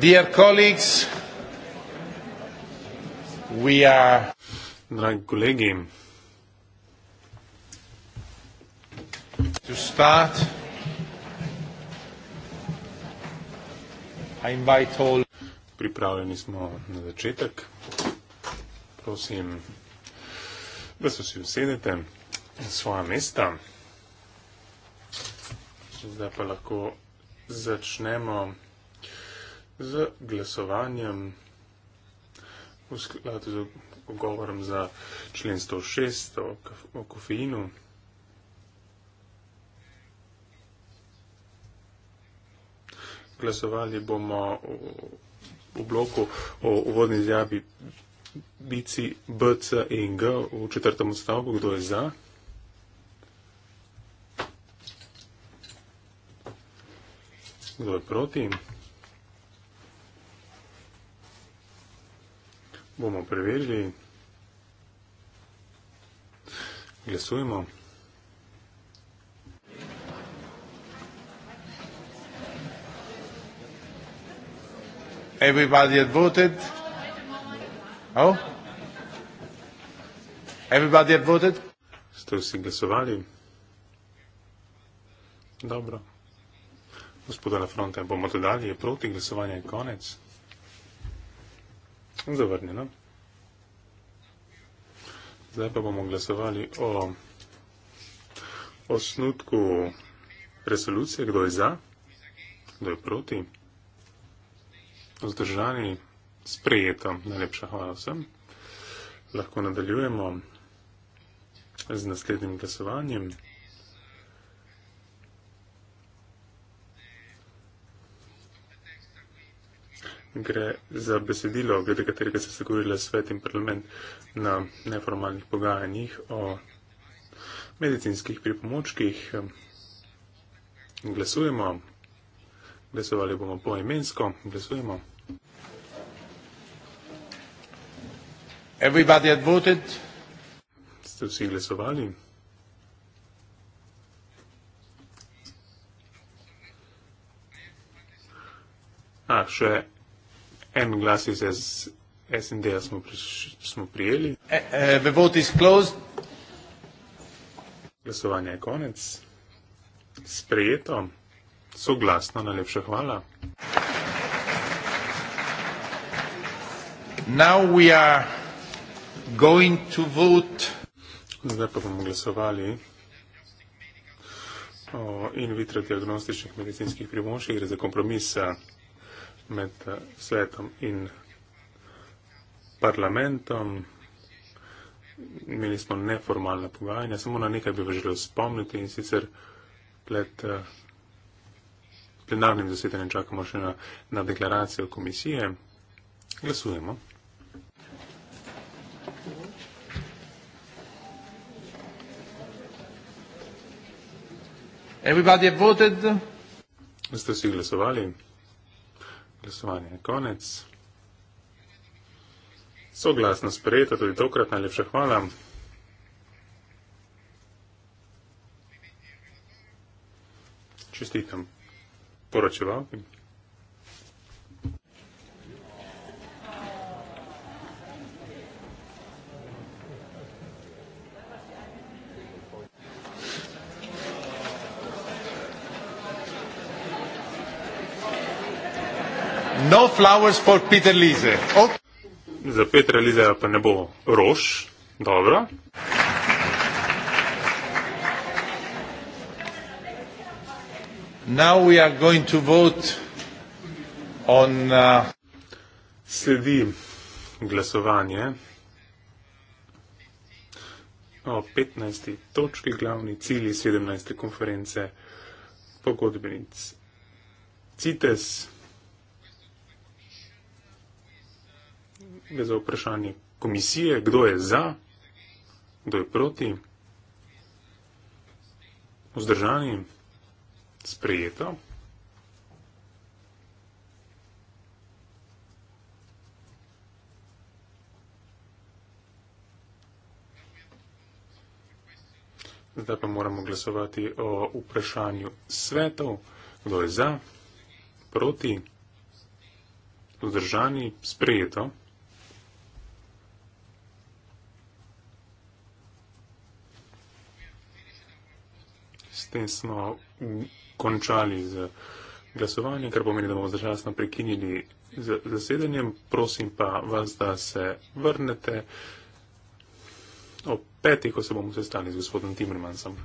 Dear colleagues, we are... Dragi kolegi, to start, I invite all... Pripravljeni smo na začetek. Prosim, da se vsi usedete na svoja mesta. Zdaj pa lahko začnemo z glasovanjem v skladu z ogovorom za člen 106 o, o kofeinu. Glasovali bomo v, v bloku o uvodni izjavi bici B, C in G v četrtem odstavku, kdo je za. Kdo je proti? bomo preverili. Glasujemo. Everybody had voted. Oh? Everybody had voted. Ste vsi glasovali? Dobro. Gospoda La Fronte, bomo dodali, je proti glasovanje konec in zavrnjeno. No. Zdaj pa bomo glasovali o osnutku resolucije, kdo je za, kdo je proti. Vzdržani, sprejeto, najlepša hvala vsem. Lahko nadaljujemo z naslednjim glasovanjem. gre za besedilo, glede katerega se sogovorila svet in parlament na neformalnih pogajanjih o medicinskih pripomočkih. Glasujemo. Glasovali bomo poimensko. Glasujemo. Everybody had voted. Ste vsi glasovali? A, še en glas iz SND -ja smo, smo prijeli. E, e, Glasovanje je konec. Sprejeto. Soglasno, najlepša hvala. Zdaj pa bomo glasovali o in vitro diagnostičnih medicinskih primošjih, gre za kompromis med eh, svetom in parlamentom. Imeli smo neformalna pogajanja, samo na nekaj bi vas želel spomniti in sicer pred eh, plenarnim zasedanjem čakamo še na, na deklaracijo komisije. Glasujemo. Everybody voted. Ste vsi glasovali? glasovanje je konec. Soglasno sprejeto, tudi tokrat najlepša hvala. Čestitam poročevalkim. No flowers for Peter Lise. Okay. Za Petra Lise pa ne bo rož. Dobro. Now we are going to vote on. Uh... Sledi glasovanje o 15. točki glavni cilji 17. konference pogodbenic CITES. gre za vprašanje komisije, kdo je za, kdo je proti, vzdržani, sprejeto. Zdaj pa moramo glasovati o vprašanju svetov, kdo je za, proti, vzdržani, sprejeto. tem smo končali z glasovanjem, kar pomeni, da bomo začasno prekinili z zasedanjem. Prosim pa vas, da se vrnete ob petih, ko se bomo sestali z gospodom Timrmansom.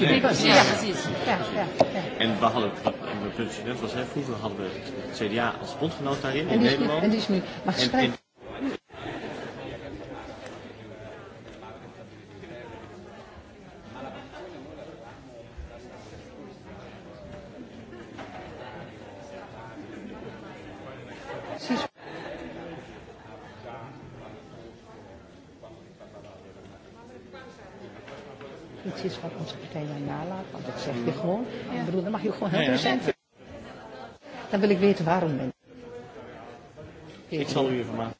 Ja, ja, precies. Ja, ja, precies. Ja, ja. ja. En we hadden een punt net was, hè, vroeger hadden we het CDA als bondgenoot daarin en in die Nederland. Is nu, en die is nu, maar gesprek... en, en... wil ik weten waarom. Ik zal u informatie.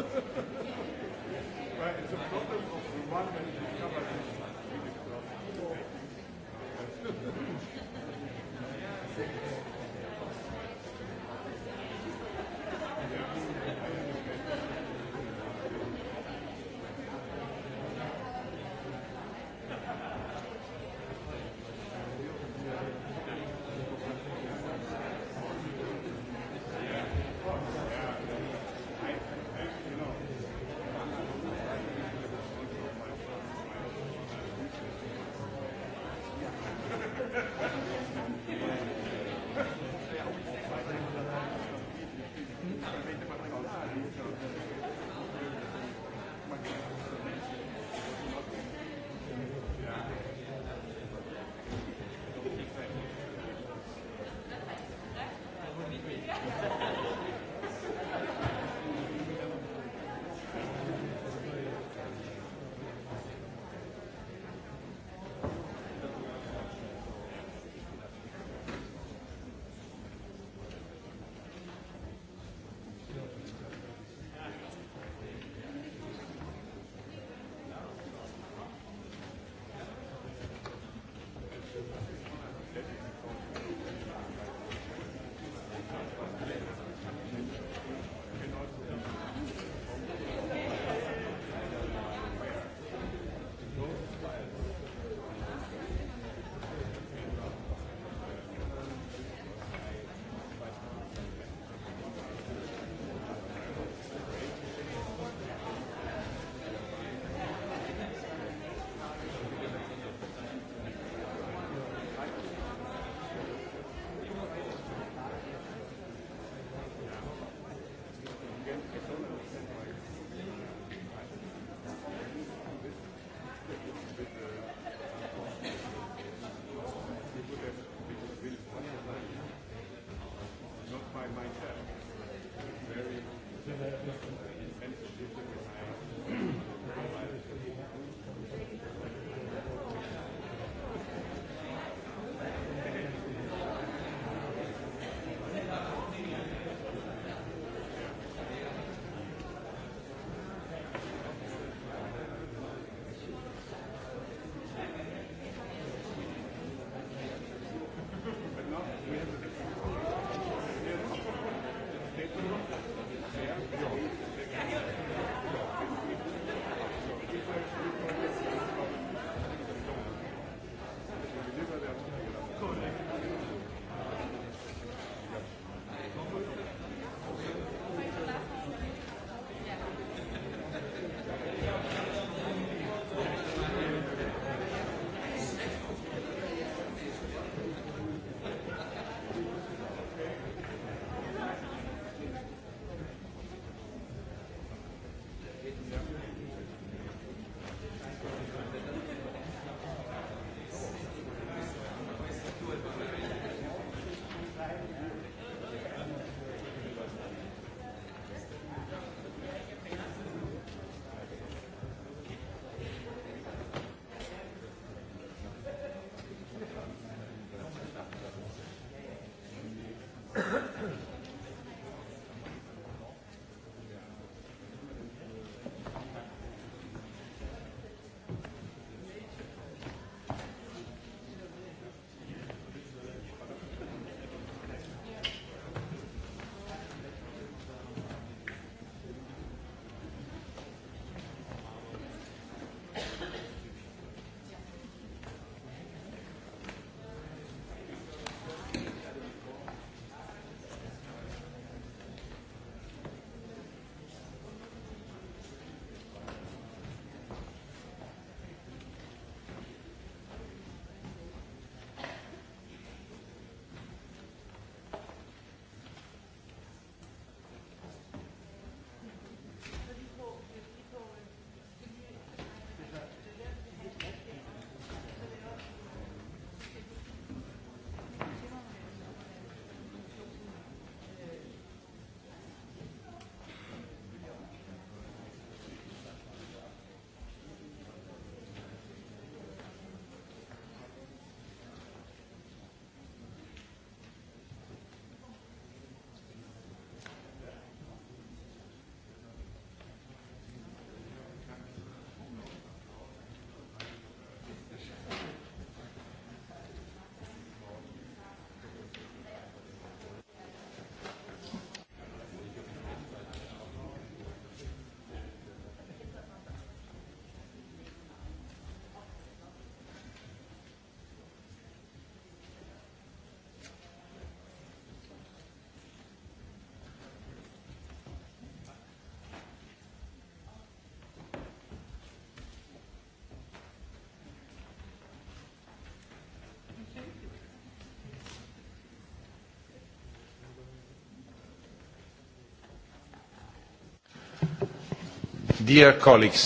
dragi kolegi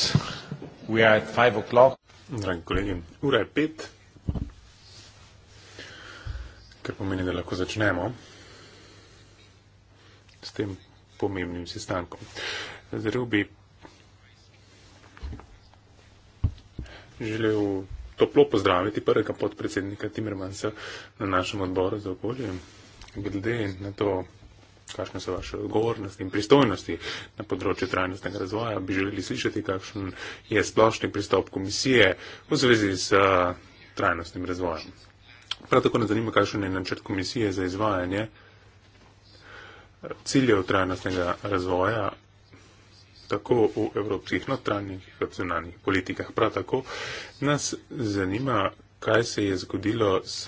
ura je pet kar pomeni da lahko začnemo s tem pomembnim sestankom zdaj bi želel toplo pozdraviti prvega podpredsednika Timmermansa na našem odboru za okolje glede na to kakšne so vaše odgovornosti in pristojnosti na področju trajnostnega razvoja. Bi želeli slišati, kakšen je splošni pristop komisije v zvezi s eh, trajnostnim razvojem. Prav tako nas zanima, kakšen je načrt komisije za izvajanje eh, ciljev trajnostnega razvoja tako v evropskih notranjih nacionalnih politikah. Prav tako nas zanima, kaj se je zgodilo s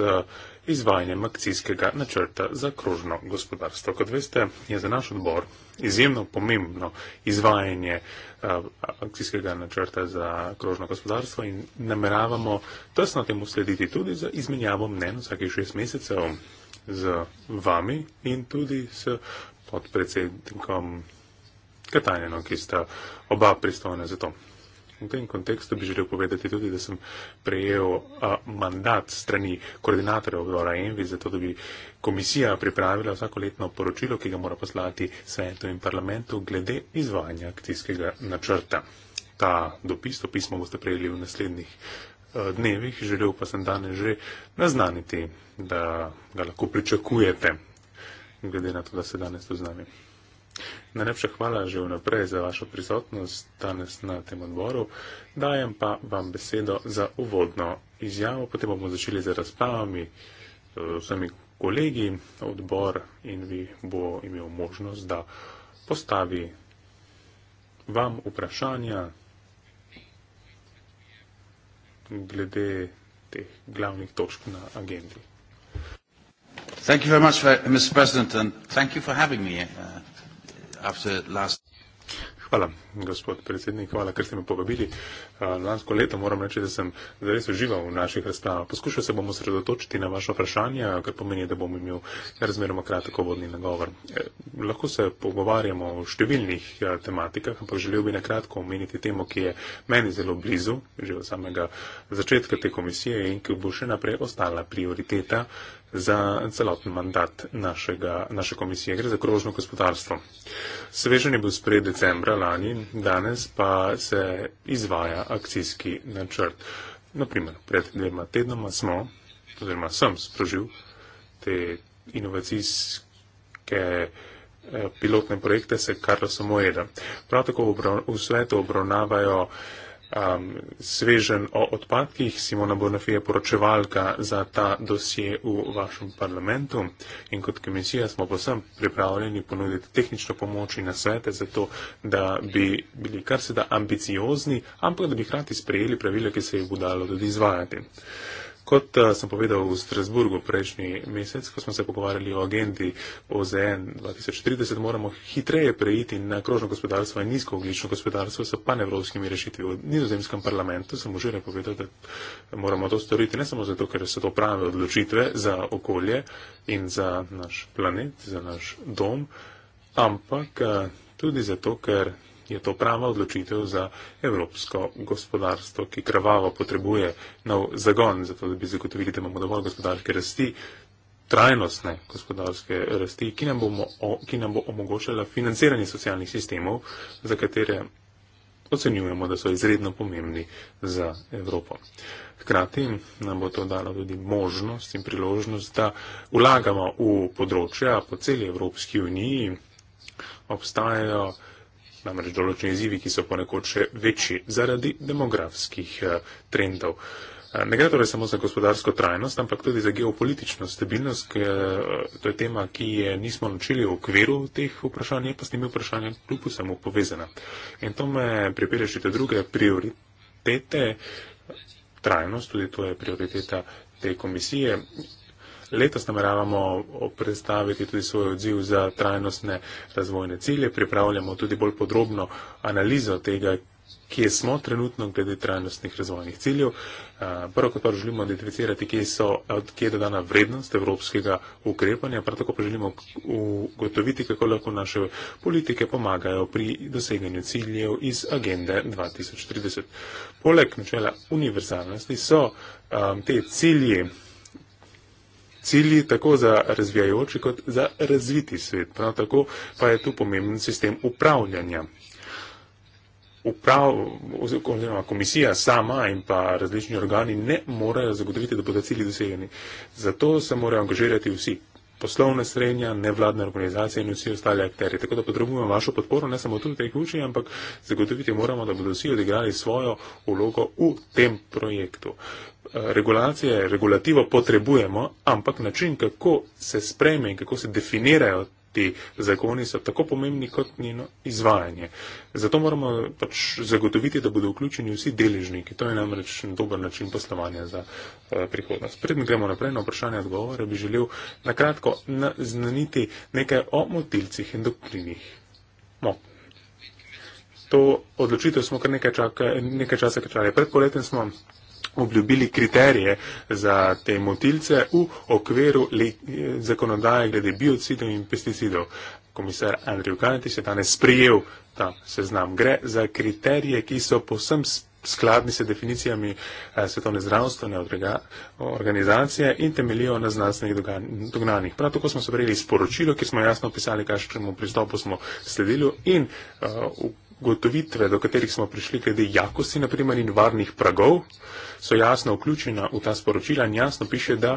izvajanjem akcijskega načrta za krožno gospodarstvo. Kot veste, je za naš odbor izjemno pomembno izvajanje eh, akcijskega načrta za krožno gospodarstvo in nameravamo tesno temu slediti tudi za izmenjavo mnen vsakih šest mesecev z vami in tudi s podpredsednikom Katanjeno, ki sta oba pristojna za to. V tem kontekstu bi želel povedati tudi, da sem prejel a, mandat strani koordinatorja odbora Envi, zato da bi komisija pripravila vsakoletno poročilo, ki ga mora poslati svetu in parlamentu glede izvajanja akcijskega načrta. Ta dopis, to pismo boste prejeli v naslednjih a, dnevih, želel pa sem danes že naznaniti, da ga lahko pričakujete, glede na to, da se danes tu z nami. Najlepša hvala že vnaprej za vašo prisotnost danes na tem odboru. Dajem pa vam besedo za uvodno izjavo, potem bomo začeli z razpravami eh, vsemi kolegi, odbor in vi bo imel možnost, da postavi vam vprašanja glede teh glavnih točk na agendi. Thank you very much, for, Mr. President, and thank you for having me. Uh, Last... Hvala, gospod predsednik, hvala, ker ste me povabili. Eh, lansko leto moram reči, da sem res užival v naših razpravah. Poskušal se bomo sredotočiti na vaše vprašanje, kar pomeni, da bom imel razmeroma kratko vodni nagovor. Eh, lahko se pogovarjamo o številnih eh, tematikah, ampak želel bi nakratko omeniti temo, ki je meni zelo blizu, že od samega začetka te komisije in ki bo še naprej ostala prioriteta za celoten mandat našega, naše komisije. Gre za krožno gospodarstvo. Svežen je bil sprejet decembra lani, danes pa se izvaja akcijski načrt. Naprimer, pred dvema tednoma smo, oziroma sem sprožil te inovacijske eh, pilotne projekte se Karlo Samoeda. Prav tako v svetu obravnavajo um, svežen o odpadkih. Simona Bonafi je poročevalka za ta dosje v vašem parlamentu in kot komisija smo posem pripravljeni ponuditi tehnično pomoč in nasvete za to, da bi bili kar se da ambiciozni, ampak da bi hrati sprejeli pravila, ki se jih bo dalo tudi izvajati. Kot uh, sem povedal v Strasburgu prejšnji mesec, ko smo se pogovarjali o agendi OZN 2030, moramo hitreje preiti na krožno gospodarstvo in nizko oglično gospodarstvo s panevropskimi rešitvi. V nizozemskem parlamentu sem že napovedal, da moramo to storiti ne samo zato, ker so to prave odločitve za okolje in za naš planet, za naš dom, ampak uh, tudi zato, ker je to prava odločitev za evropsko gospodarstvo, ki krvavo potrebuje nov zagon, zato da bi zagotovili, da imamo dovolj gospodarske rasti, trajnostne gospodarske rasti, ki nam, bomo, ki nam bo omogočala financiranje socialnih sistemov, za katere ocenjujemo, da so izredno pomembni za Evropo. Hkrati nam bo to dalo tudi možnost in priložnost, da vlagamo v področja po celi Evropski uniji. Obstajajo namreč določeni izzivi, ki so ponekod še večji zaradi demografskih eh, trendov. Eh, ne gre torej samo za gospodarsko trajnost, ampak tudi za geopolitično stabilnost, eh, to je tema, ki je nismo načeli v okviru teh vprašanj, je pa s temi vprašanji kljub vsemu povezana. In to me pripelje še do druge prioritete, trajnost, tudi to je prioriteta te komisije, Letos nameravamo predstaviti tudi svoj odziv za trajnostne razvojne cilje. Pripravljamo tudi bolj podrobno analizo tega, kje smo trenutno glede trajnostnih razvojnih ciljev. Eh, prvo kot pa želimo identificirati, kje, so, kje je dodana vrednost evropskega ukrepanja, prav tako pa želimo ugotoviti, kako lahko naše politike pomagajo pri doseganju ciljev iz agende 2030. Poleg načela univerzalnosti so um, te cilje cilji, tako za razvijajoči kot za razviti svet. Prav tako pa je tu pomemben sistem upravljanja. Uprav, oziroma komisija sama in pa različni organi ne morejo zagotoviti, da bodo cilji dosegani. Zato se morajo angažirati vsi, poslovne srednja, nevladne organizacije in vsi ostali akteri. Tako da potrebujemo vašo podporo, ne samo tudi tej ključni, ampak zagotoviti moramo, da bodo vsi odigrali svojo vlogo v tem projektu. Eh, regulacije, regulativo potrebujemo, ampak način, kako se spreme in kako se definirajo Ti zakoni so tako pomembni kot njeno izvajanje. Zato moramo pač zagotoviti, da bodo vključeni vsi deležniki. To je namreč dober način poslovanja za uh, prihodnost. Predn gremo naprej na vprašanje odgovore, bi želel nakratko znaniti nekaj o motilcih in doktrinih. No. To odločitev smo kar nekaj, čaka, nekaj časa kačali. Pred poletjem smo obljubili kriterije za te motilce v okviru zakonodaje glede biocidov in pesticidov. Komisar Andrej Kanetis je danes sprijel ta seznam. Gre za kriterije, ki so posem skladni se definicijami eh, Svetovne zdravstvene organizacije in temeljijo na znanstvenih dognanjih. Prav tako smo se prejeli sporočilo, ki smo jasno opisali, kakšnemu pristopu smo sledili in eh, ugotovitve, uh, do katerih smo prišli, glede jakosti, naprimer, in varnih pragov. Uh, so jasno vključena v ta sporočila in jasno piše, da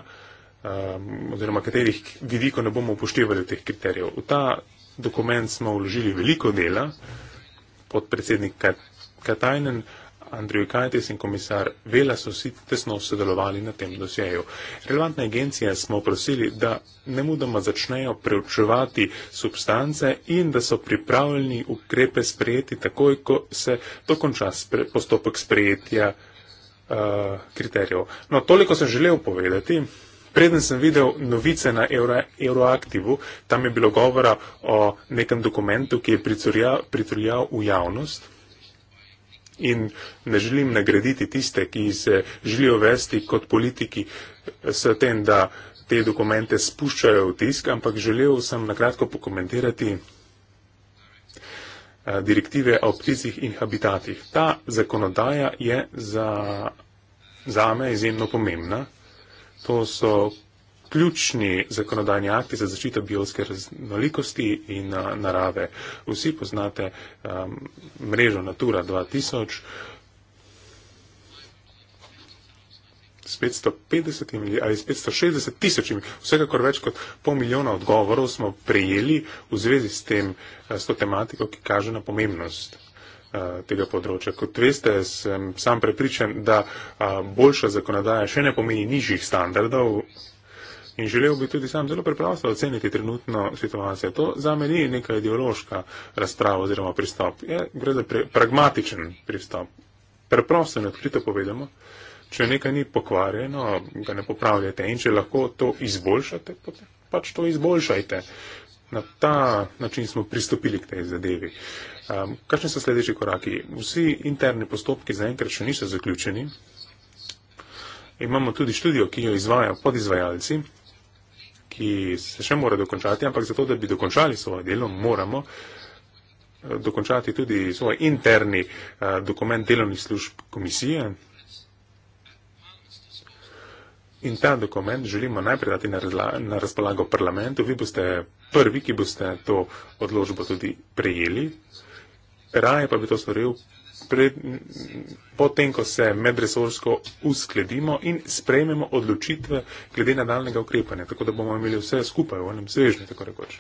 um, oziroma katerih vidiko ne bomo upoštevali teh kriterijev. V ta dokument smo vložili veliko dela, podpredsednik Katajnen, Andrej Kajtes in komisar Vela so vsi tesno sodelovali na tem dosjeju. Relevantne agencije smo prosili, da ne mudoma začnejo preučevati substance in da so pripravljeni ukrepe sprejeti takoj, ko se dokonča spre, postopek sprejetja. Eh, kriterijev. No, toliko sem želel povedati. Preden sem videl novice na Euro, Euroaktivu, tam je bilo govora o nekem dokumentu, ki je pritrljal v javnost. In ne želim nagraditi tiste, ki se želijo vesti kot politiki s tem, da te dokumente spuščajo v tisk, ampak želel sem nakratko pokomentirati Eh, direktive o pticih in habitatih. Ta zakonodaja je za, za me izjemno pomembna. To so ključni zakonodajni akti za zaščito biolske raznolikosti in eh, narave. Vsi poznate um, mrežo Natura 2000. s 550 ali s 560 tisočimi, vsekakor več kot pol milijona odgovorov smo prejeli v zvezi s, tem, eh, s to tematiko, ki kaže na pomembnost eh, tega področja. Kot veste, sem sam prepričan, da eh, boljša zakonodaja še ne pomeni nižjih standardov in želel bi tudi sam zelo preprosto oceniti trenutno situacijo. To za me ni neka ideološka razprava oziroma pristop. Je, gre za pre, pragmatičen pristop. Preprosto in odkrito povedamo, če nekaj ni pokvarjeno, ga ne popravljate in če lahko to izboljšate, potem pač to izboljšajte. Na ta način smo pristopili k tej zadevi. Um, kakšni so sledeči koraki? Vsi interni postopki zaenkrat še niso zaključeni. Imamo tudi študijo, ki jo izvajajo podizvajalci, ki se še mora dokončati, ampak zato, da bi dokončali svoje delo, moramo eh, dokončati tudi svoj interni uh, dokument delovnih služb komisije, In ta dokument želimo najprej dati na, razla, na razpolago parlamentu. Vi boste prvi, ki boste to odložbo tudi prejeli. Raje pa bi to storil potem, ko se medresorsko uskladimo in sprejmemo odločitve glede nadaljnega ukrepanja, tako da bomo imeli vse skupaj v enem svežnju, tako rekoč.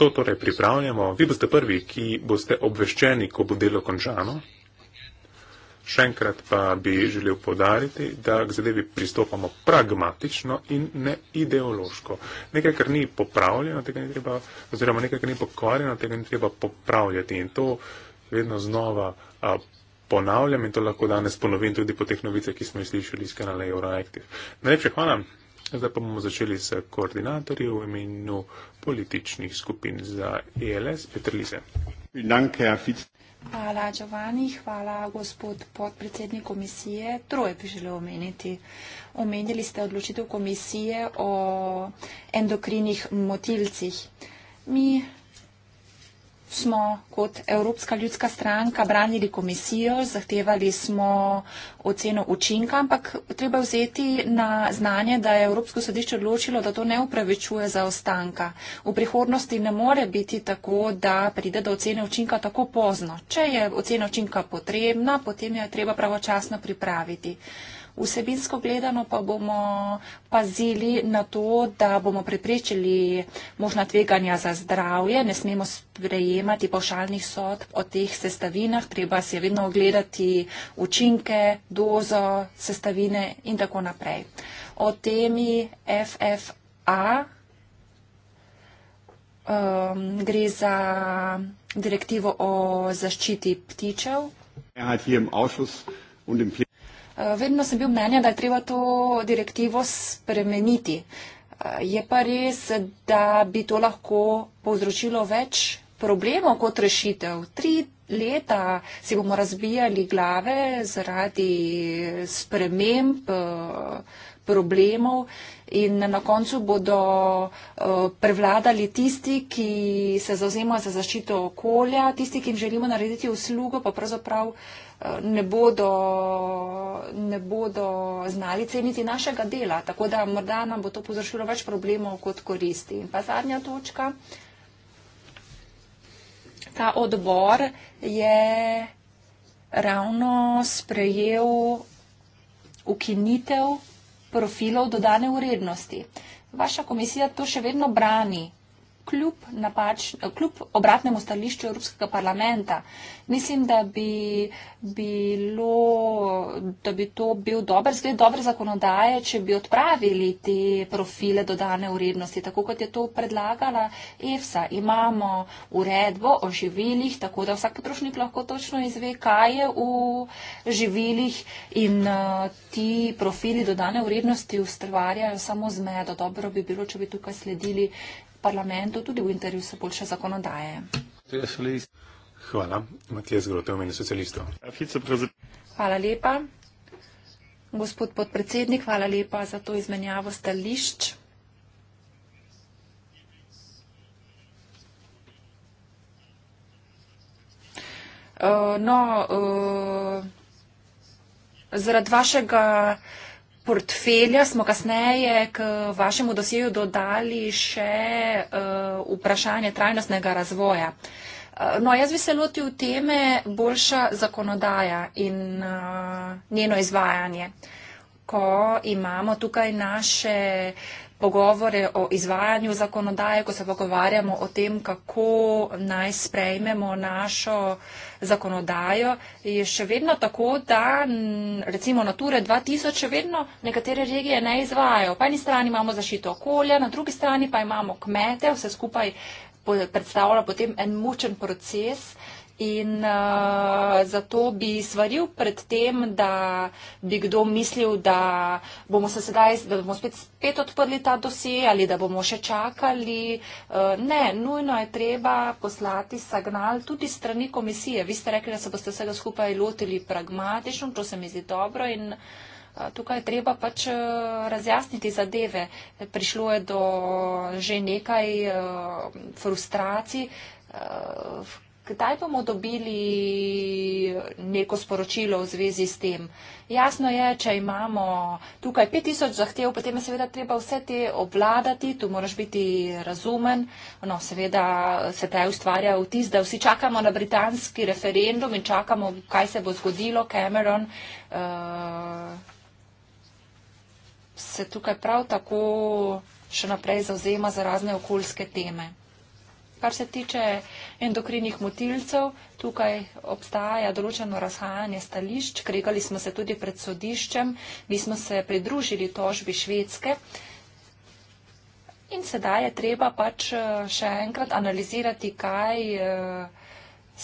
To torej pripravljamo. Vi boste prvi, ki boste obveščeni, ko bo delo končano. Še enkrat pa bi želel podariti, da k zadevi pristopamo pragmatično in ne ideološko. Nekaj, kar ni popravljeno, tega ni treba, oziroma nekaj, kar ni pokvarjeno, tega ni treba popravljati. In to vedno znova a, ponavljam in to lahko danes ponovim tudi po teh novicah, ki smo jih slišali iz kanala Euroactive. Najlepše hvala. Zdaj pa bomo začeli s koordinatorji v imenu političnih skupin za ELS Petrlise. Danke, Herr Fitz. Hvala, Giovanni. Hvala, gospod podpredsednik komisije. Troje bi želel omeniti. Omenili ste odločitev komisije o endokrinih motilcih. Mi smo kot Evropska ljudska stranka branili komisijo, zahtevali smo oceno učinka, ampak treba vzeti na znanje, da je Evropsko sodišče odločilo, da to ne upravičuje zaostanka. V prihodnosti ne more biti tako, da pride do ocene učinka tako pozno. Če je ocena učinka potrebna, potem jo je treba pravočasno pripraviti. Vsebinsko gledano pa bomo pazili na to, da bomo preprečili možna tveganja za zdravje. Ne smemo sprejemati pošalnih sod o teh sestavinah. Treba si vedno ogledati učinke, dozo, sestavine in tako naprej. O temi FFA um, gre za direktivo o zaščiti ptičev. Er Eh, vedno sem bil mnenja, da je treba to direktivo spremeniti. Eh, je pa res, da bi to lahko povzročilo več problemov kot rešitev. Tri leta si bomo razbijali glave zaradi sprememb, eh, problemov in na koncu bodo prevladali tisti, ki se zauzema za zaščito okolja, tisti, ki jim želimo narediti uslugo, pa pravzaprav ne bodo, ne bodo znali ceniti našega dela. Tako da morda nam bo to povzročilo več problemov kot koristi. In pa zadnja točka. Ta odbor je ravno sprejel ukinitev profilov dodane urednosti. Vaša komisija to še vedno brani kljub, napač, kljub obratnemu stališču Evropskega parlamenta. Mislim, da bi, bilo, da bi to bil dober zgled, dobre zakonodaje, če bi odpravili te profile dodane vrednosti, tako kot je to predlagala EFSA. Imamo uredbo o živilih, tako da vsak potrošnik lahko točno izve, kaj je v živilih in eh, ti profili dodane vrednosti ustvarjajo samo zmedo. Dobro bi bilo, če bi tukaj sledili parlamentu, tudi v intervju se boljše zakonodaje. Hvala. Matijas Grote, v meni socialistov. Hvala lepa. Gospod podpredsednik, hvala lepa za to izmenjavo stališč. Uh, no, uh, zaradi vašega portfelja smo kasneje k vašemu dosjeju dodali še uh, vprašanje trajnostnega razvoja. Uh, no, jaz bi se lotil teme boljša zakonodaja in uh, njeno izvajanje. Ko imamo tukaj naše uh, pogovore o izvajanju zakonodaje, ko se pogovarjamo o tem, kako naj sprejmemo našo zakonodajo, je še vedno tako, da recimo Nature 2000 še vedno nekatere regije ne izvajajo. Po eni strani imamo zašito okolja, na drugi strani pa imamo kmete, vse skupaj predstavlja potem en mučen proces. Uh, In uh, zato bi svaril pred tem, da bi kdo mislil, da bomo se sedaj, da bomo spet, spet odprli ta dosje ali da bomo še čakali. Uh, ne, nujno je treba poslati signal tudi strani komisije. Vi ste rekli, da se boste vsega skupaj lotili pragmatično, to se mi zdi dobro in uh, tukaj je treba pač uh, razjasniti zadeve. Prišlo je do že nekaj uh, frustracij. Uh, kdaj bomo dobili neko sporočilo v zvezi s tem. Jasno je, če imamo tukaj 5000 zahtev, potem je seveda treba vse te obvladati, tu moraš biti razumen. No, seveda se te ustvarja vtis, da vsi čakamo na britanski referendum in čakamo, kaj se bo zgodilo, Cameron. Uh, se tukaj prav tako še naprej zauzema za razne okoljske teme. Kar se tiče endokrinih motilcev, tukaj obstaja določeno razhajanje stališč. Kregali smo se tudi pred sodiščem, mi smo se pridružili tožbi Švedske. In sedaj je treba pač eh, še enkrat analizirati, kaj eh,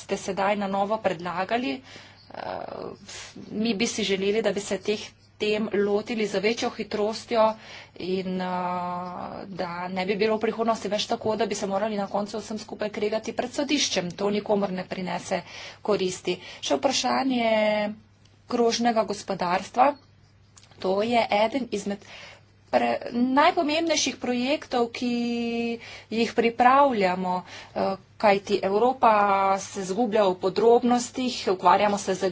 ste sedaj na novo predlagali. Eh, mi bi si želeli, da bi se teh tem lotili za večjo hitrostjo in uh, da ne bi bilo v prihodnosti več tako, da bi se morali na koncu vsem skupaj kregati pred sodiščem. To nikomor ne prinese koristi. Še vprašanje krožnega gospodarstva. To je eden izmed pre, najpomembnejših projektov, ki jih pripravljamo, eh, kajti Evropa se zgublja v podrobnostih, ukvarjamo se z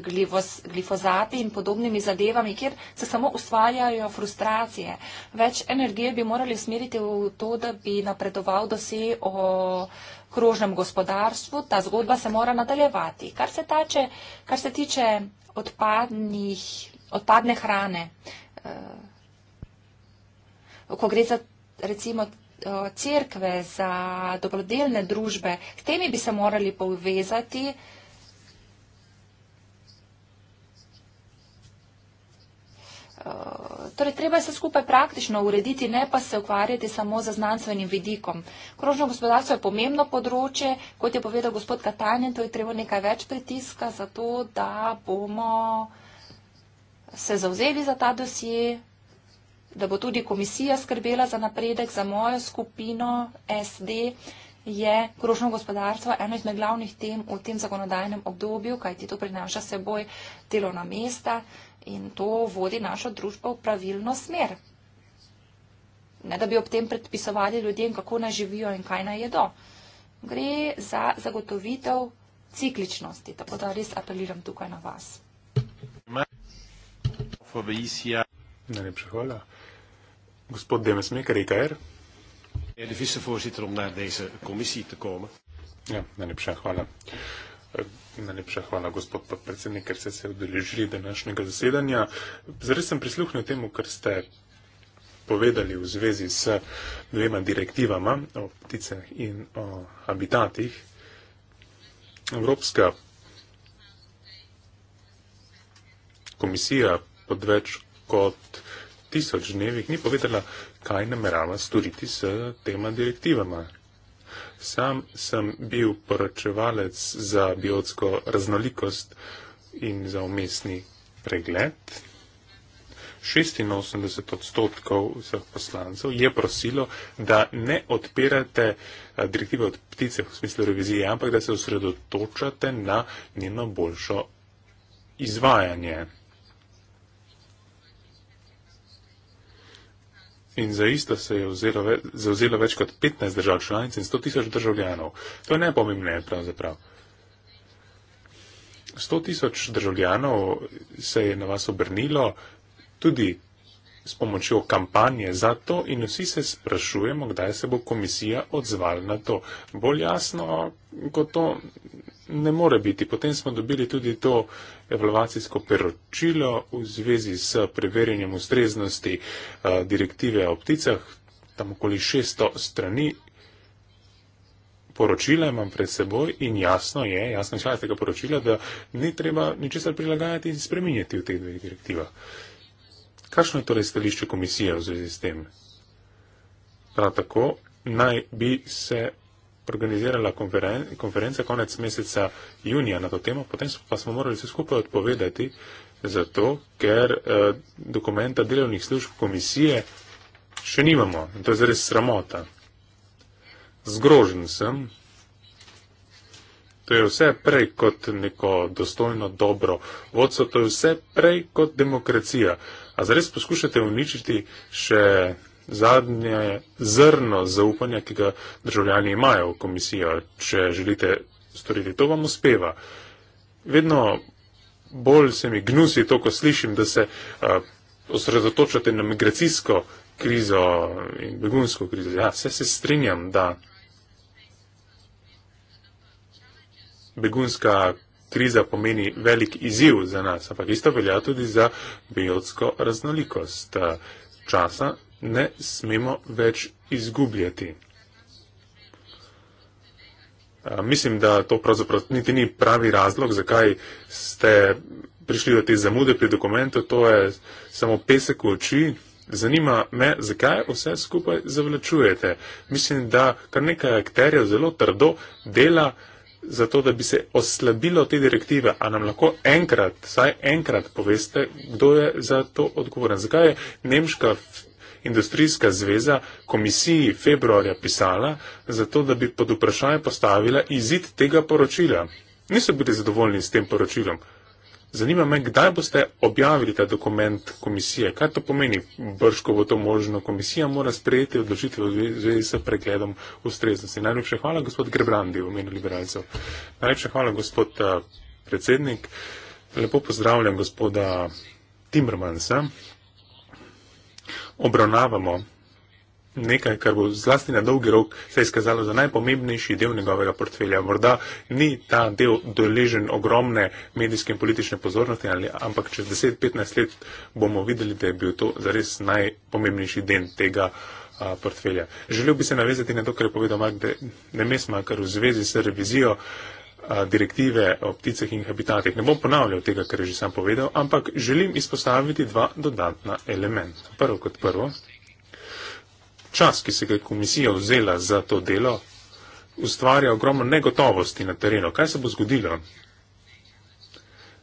glifozati in podobnimi zadevami, kjer se samo ustvarjajo frustracije. Več energije bi morali usmeriti v to, da bi napredoval dose o krožnem gospodarstvu. Ta zgodba se mora nadaljevati. Kar se, tače, kar se tiče odpadnih, odpadne hrane. Uh, ko gre za recimo eh, crkve, za dobrodelne družbe, k temi bi se morali povezati. Eh, torej, treba se skupaj praktično urediti, ne pa se ukvarjati samo za znanstvenim vidikom. Krožno gospodarstvo je pomembno področje, kot je povedal gospod Katanjen, to je treba nekaj več pritiska za to, da bomo se zauzeli za ta dosje da bo tudi komisija skrbela za napredek za mojo skupino SD, je krožno gospodarstvo eno izmed glavnih tem v tem zakonodajnem obdobju, kajti to prinaša seboj delovna mesta in to vodi našo družbo v pravilno smer. Ne da bi ob tem predpisovali ljudem, kako naj živijo in kaj naj jedo. Gre za zagotovitev cikličnosti, tako da res apeliram tukaj na vas. Najlepša hvala. Gospod Demes Meker, ITR. E ja, de vicevoorzitter om naar deze commissie te komen. Ja, najlepša hvala. E, najlepša hvala, gospod podpredsednik, ker ste se udeležili današnjega zasedanja. Zares sem prisluhnil temu, kar ste povedali v zvezi s dvema direktivama o pticah in o habitatih. Evropska komisija pod več kot tisoč dnevih ni povedala, kaj namerava storiti s tema direktivama. Sam sem bil poročevalec za biotsko raznolikost in za umestni pregled. 86 odstotkov vseh poslancev je prosilo, da ne odpirate eh, direktive od ptice v smislu revizije, ampak da se osredotočate na njeno boljšo izvajanje. in za isto se je zauzelo več kot 15 držav članic in 100 tisoč državljanov. To je najpomembne pravzaprav. 100 tisoč državljanov se je na vas obrnilo tudi s pomočjo kampanje za to in vsi se sprašujemo, kdaj se bo komisija odzvala na to. Bolj jasno, kot to ne more biti. Potem smo dobili tudi to uh, evaluacijsko peročilo v zvezi s preverjanjem ustreznosti eh, direktive o pticah, tam okoli 600 strani. Poročila imam pred seboj in jasno je, jasno je iz tega poročila, da ni treba ničesar prilagajati in spreminjati v teh dveh direktivah. Kakšno je torej stališče komisije v zvezi s tem? Prav tako naj bi se organizirala konferen konference konec meseca junija na to temo, potem pa smo morali vse skupaj odpovedati, zato ker eh, dokumenta delovnih služb komisije še nimamo. In to je zares sramota. Zgrožen sem. To je vse prej kot neko dostojno dobro vodstvo, to je vse prej kot demokracija. A zares poskušate uničiti še zadnje zrno zaupanja, ki ga državljani imajo v komisijo. Če želite storiti, to vam uspeva. Vedno bolj se mi gnusi to, ko slišim, da se a, osredotočate na migracijsko krizo in begunsko krizo. Ja, vse se strinjam, da begunska kriza pomeni velik izziv za nas, ampak isto velja tudi za biotsko raznolikost. Časa ne smemo več izgubljati. Mislim, da to pravzaprav niti ni pravi razlog, zakaj ste prišli do te zamude pri dokumentu, to je samo pesek v oči. Zanima me, zakaj vse skupaj zavlačujete. Mislim, da kar nekaj akterjev zelo trdo dela za to, da bi se oslabilo te direktive. A nam lahko enkrat, saj enkrat poveste, kdo je za to odgovoren. Zakaj je nemška industrijska zveza komisiji februarja pisala, zato da bi pod vprašanje postavila izid tega poročila. Niso bili zadovoljni s tem poročilom. Zanima me, kdaj boste objavili ta dokument komisije. Kaj to pomeni? Brško bo to možno. Komisija mora sprejeti odločitev v zvezi s pregledom ustreznosti. Najlepša hvala, gospod Grebrandi, v imenu liberalcev. Najlepša hvala, gospod eh, predsednik. Lepo pozdravljam gospoda Timrmansa, obravnavamo nekaj, kar bo zlasti na dolgi rok se izkazalo za najpomembnejši del njegovega portfelja. Morda ni ta del doležen ogromne medijske in politične pozornosti, ali, ampak čez 10-15 let bomo videli, da je bil to zares najpomembnejši del tega a, portfelja. Želel bi se navezati na to, kar je povedal Mark Demesma, kar v zvezi s revizijo direktive o pticah in habitatih. Ne bom ponavljal tega, kar je že sam povedal, ampak želim izpostaviti dva dodatna elementa. Prvo kot prvo, čas, ki se ga je komisija vzela za to delo, ustvarja ogromno negotovosti na terenu. Kaj se bo zgodilo,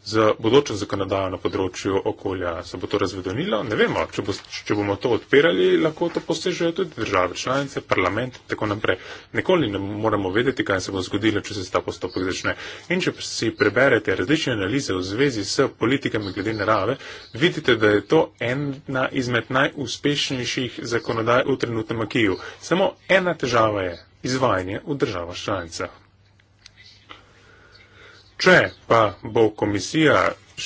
z bodočo zakonodajo na področju okolja. Se bo to razvedonilo? Ne vemo. Če, bo, če bomo to odpirali, lahko to posežejo tudi države članice, parlament in tako naprej. Nikoli ne moremo vedeti, kaj se bo zgodilo, če se ta postopek začne. In če si preberete različne analize v zvezi s politikami glede narave, vidite, da je to ena izmed najuspešnejših zakonodaj v trenutnem akiju. Samo ena težava je izvajanje v državah članicah. Če pa bo komisija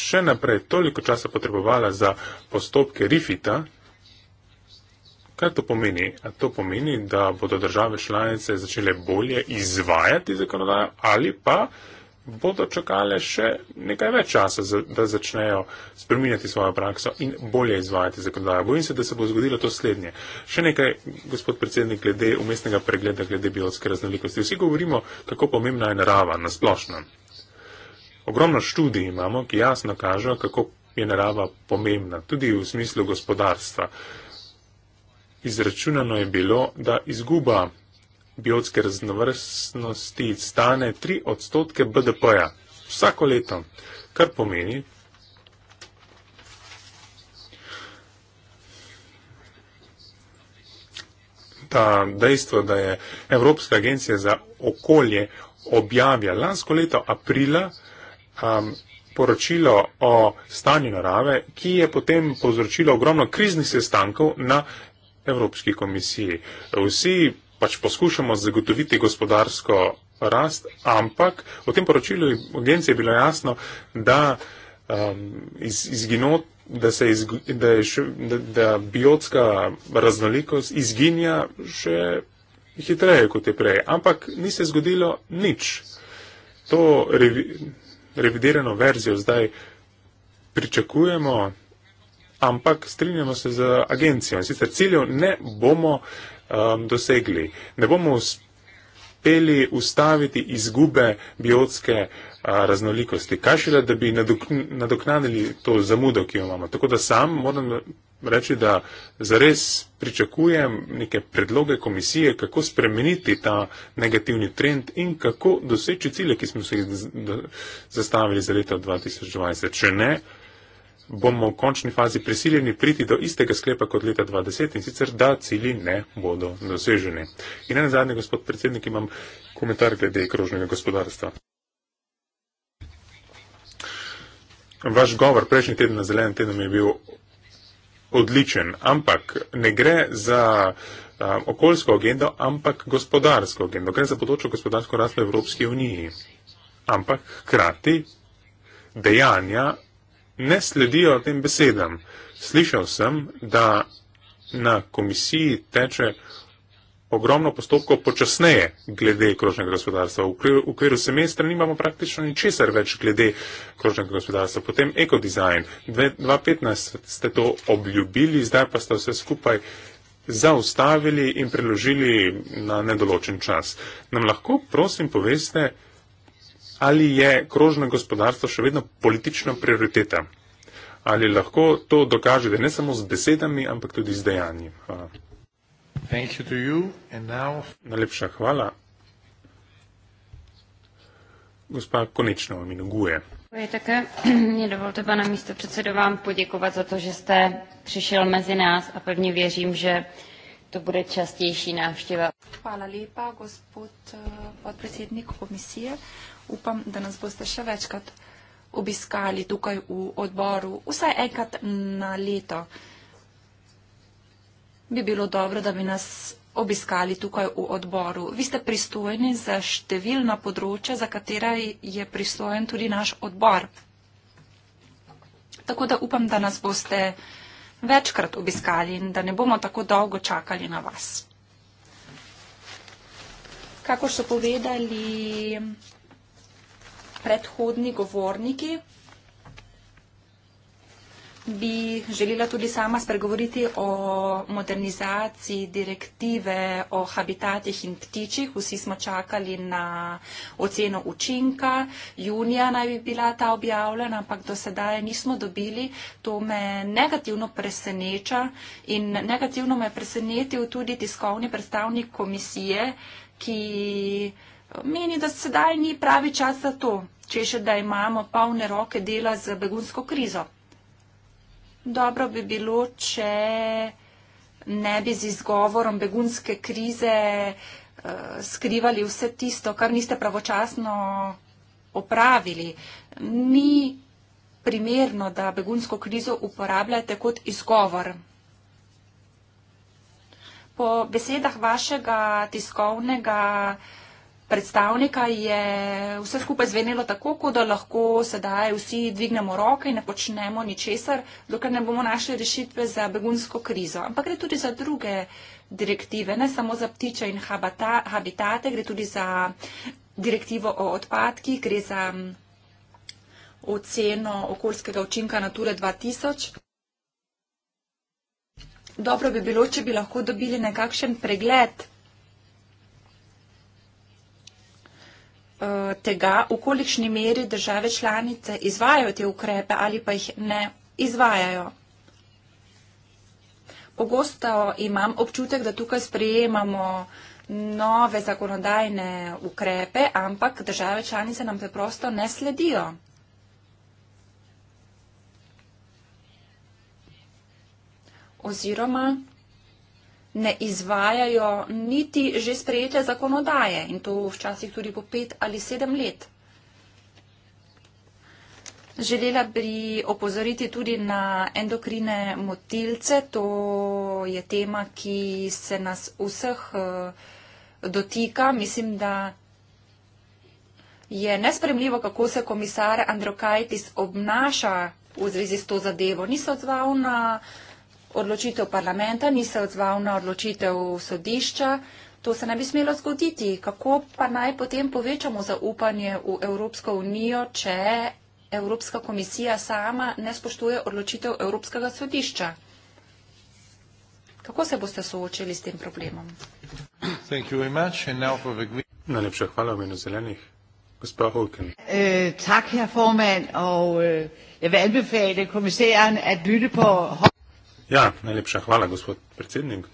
še naprej toliko časa potrebovala za postopke RIFIT-a, kaj to pomeni? A to pomeni, da bodo države članice začele bolje izvajati zakonodajo ali pa bodo čakale še nekaj več časa, da začnejo spreminjati svojo prakso in bolje izvajati zakonodajo. Bojim se, da se bo zgodilo to slednje. Še nekaj, gospod predsednik, glede umestnega pregleda, glede biotske raznolikosti. Vsi govorimo, kako pomembna je narava na splošno. Ogromno študij imamo, ki jasno kažejo, kako je narava pomembna, tudi v smislu gospodarstva. Izračunano je bilo, da izguba biotske raznovrstnosti stane 3 odstotke BDP-ja vsako leto, kar pomeni, Ta dejstvo, da je Evropska agencija za okolje objavila lansko leto aprila um, poročilo o stanju narave, ki je potem povzročilo ogromno kriznih sestankov na Evropski komisiji. Vsi pač poskušamo zagotoviti gospodarsko rast, ampak v tem poročilu agencije je bilo jasno, da, um, iz, izgino, da, se izg, da, je še, da, da biotska raznolikost izginja še hitreje kot je prej. Ampak ni se zgodilo nič. To revi, reviderano verzijo zdaj pričakujemo, ampak strinjamo se z agencijo. Sicer ciljev ne bomo um, dosegli, ne bomo uspeli ustaviti izgube biotske uh, raznolikosti. Kaj šele, da bi nadoknadili to zamudo, ki jo imamo. Tako da sam moram reči, da zares pričakujem neke predloge komisije, kako spremeniti ta negativni trend in kako doseči cilje, ki smo se jih zastavili za leto 2020. Če ne, bomo v končni fazi prisiljeni priti do istega sklepa kot leta 2020 in sicer, da cilji ne bodo doseženi. In na zadnje, gospod predsednik, imam komentar glede krožnega gospodarstva. Vaš govor prejšnji teden na zelenem tednu je bil odličen, ampak ne gre za um, okoljsko agendo, ampak gospodarsko agendo. Gre za bodočo gospodarsko rast v Evropski uniji. Ampak hkrati dejanja ne sledijo tem besedam. Slišal sem, da na komisiji teče ogromno postopkov počasneje glede krožnega gospodarstva. V okviru, okviru semestra nimamo praktično ničesar več glede krožnega gospodarstva. Potem ekodizajn. 2015 ste to obljubili, zdaj pa ste vse skupaj zaustavili in preložili na nedoločen čas. Nam lahko, prosim, poveste, ali je krožno gospodarstvo še vedno politična prioriteta? Ali lahko to dokažete ne samo z besedami, ampak tudi z dejanjem? Hvala. Thank you to you and now... Najlepša hvala. Gospa konečno vam inoguje. Je také, mě dovolte, pane místo předsedo, vám poděkovat za to, že jste přišel mezi nás a pevně věřím, že to bude častější návštěva. Hvala lepa, gospod eh, podpredsednik komisie. Upam, da nas boste še večkrat obiskali tukaj v odboru, vsaj enkrat na leto bi bilo dobro, da bi nas obiskali tukaj v odboru. Vi ste pristojni za številna področja, za katera je pristojen tudi naš odbor. Tako da upam, da nas boste večkrat obiskali in da ne bomo tako dolgo čakali na vas. Kako so povedali predhodni govorniki, bi želela tudi sama spregovoriti o modernizaciji direktive o habitatih in ptičih. Vsi smo čakali na oceno učinka. Junija naj bi bila ta objavljena, ampak do sedaj nismo dobili. To me negativno preseneča in negativno me je presenetil tudi tiskovni predstavnik komisije, ki eh, meni, da sedaj ni pravi čas za to, če še da imamo polne roke dela z begunsko krizo. Dobro bi bilo, če ne bi z izgovorom begunske krize uh, skrivali vse tisto, kar niste pravočasno opravili. Ni primerno, da begunsko krizo uporabljate kot izgovor. Po besedah vašega tiskovnega uh, predstavnika je vse skupaj zvenelo tako, kot da lahko sedaj vsi dvignemo roke in ne počnemo ničesar, dokler ne bomo našli rešitve za begunsko krizo. Ampak gre tudi za druge direktive, ne samo za ptiče in habata, habitate, gre tudi za direktivo o odpadkih, gre za mm, oceno okoljskega učinka Nature 2000. Dobro bi bilo, če bi lahko dobili nekakšen pregled Eh, tega, v kolikšni meri države članice izvajajo te ukrepe ali pa jih ne izvajajo. Pogosto imam občutek, da tukaj sprejemamo nove zakonodajne ukrepe, ampak države članice nam preprosto ne sledijo. Oziroma ne izvajajo niti že sprejete zakonodaje in to včasih tudi po pet ali sedem let. Želela bi opozoriti tudi na endokrine motilce. To je tema, ki se nas vseh eh, dotika. Mislim, da je nespremljivo, kako se komisar Androkajtis obnaša v zvezi s to zadevo. Ni se odzval na uh, odločitev parlamenta, ni se odzval na odločitev sodišča. To se ne bi smelo zgoditi. Kako pa naj potem povečamo zaupanje v Evropsko unijo, če Evropska komisija sama ne spoštuje odločitev Evropskega sodišča? Kako se boste soočili s tem problemom? Najlepša hvala v imenu zelenih. Gospa Hulken. Uh, eh, tak, herr formand, og uh, jeg vil anbefale komisæren at lytte på... Ja, najlepša hvala, gospod predsednik.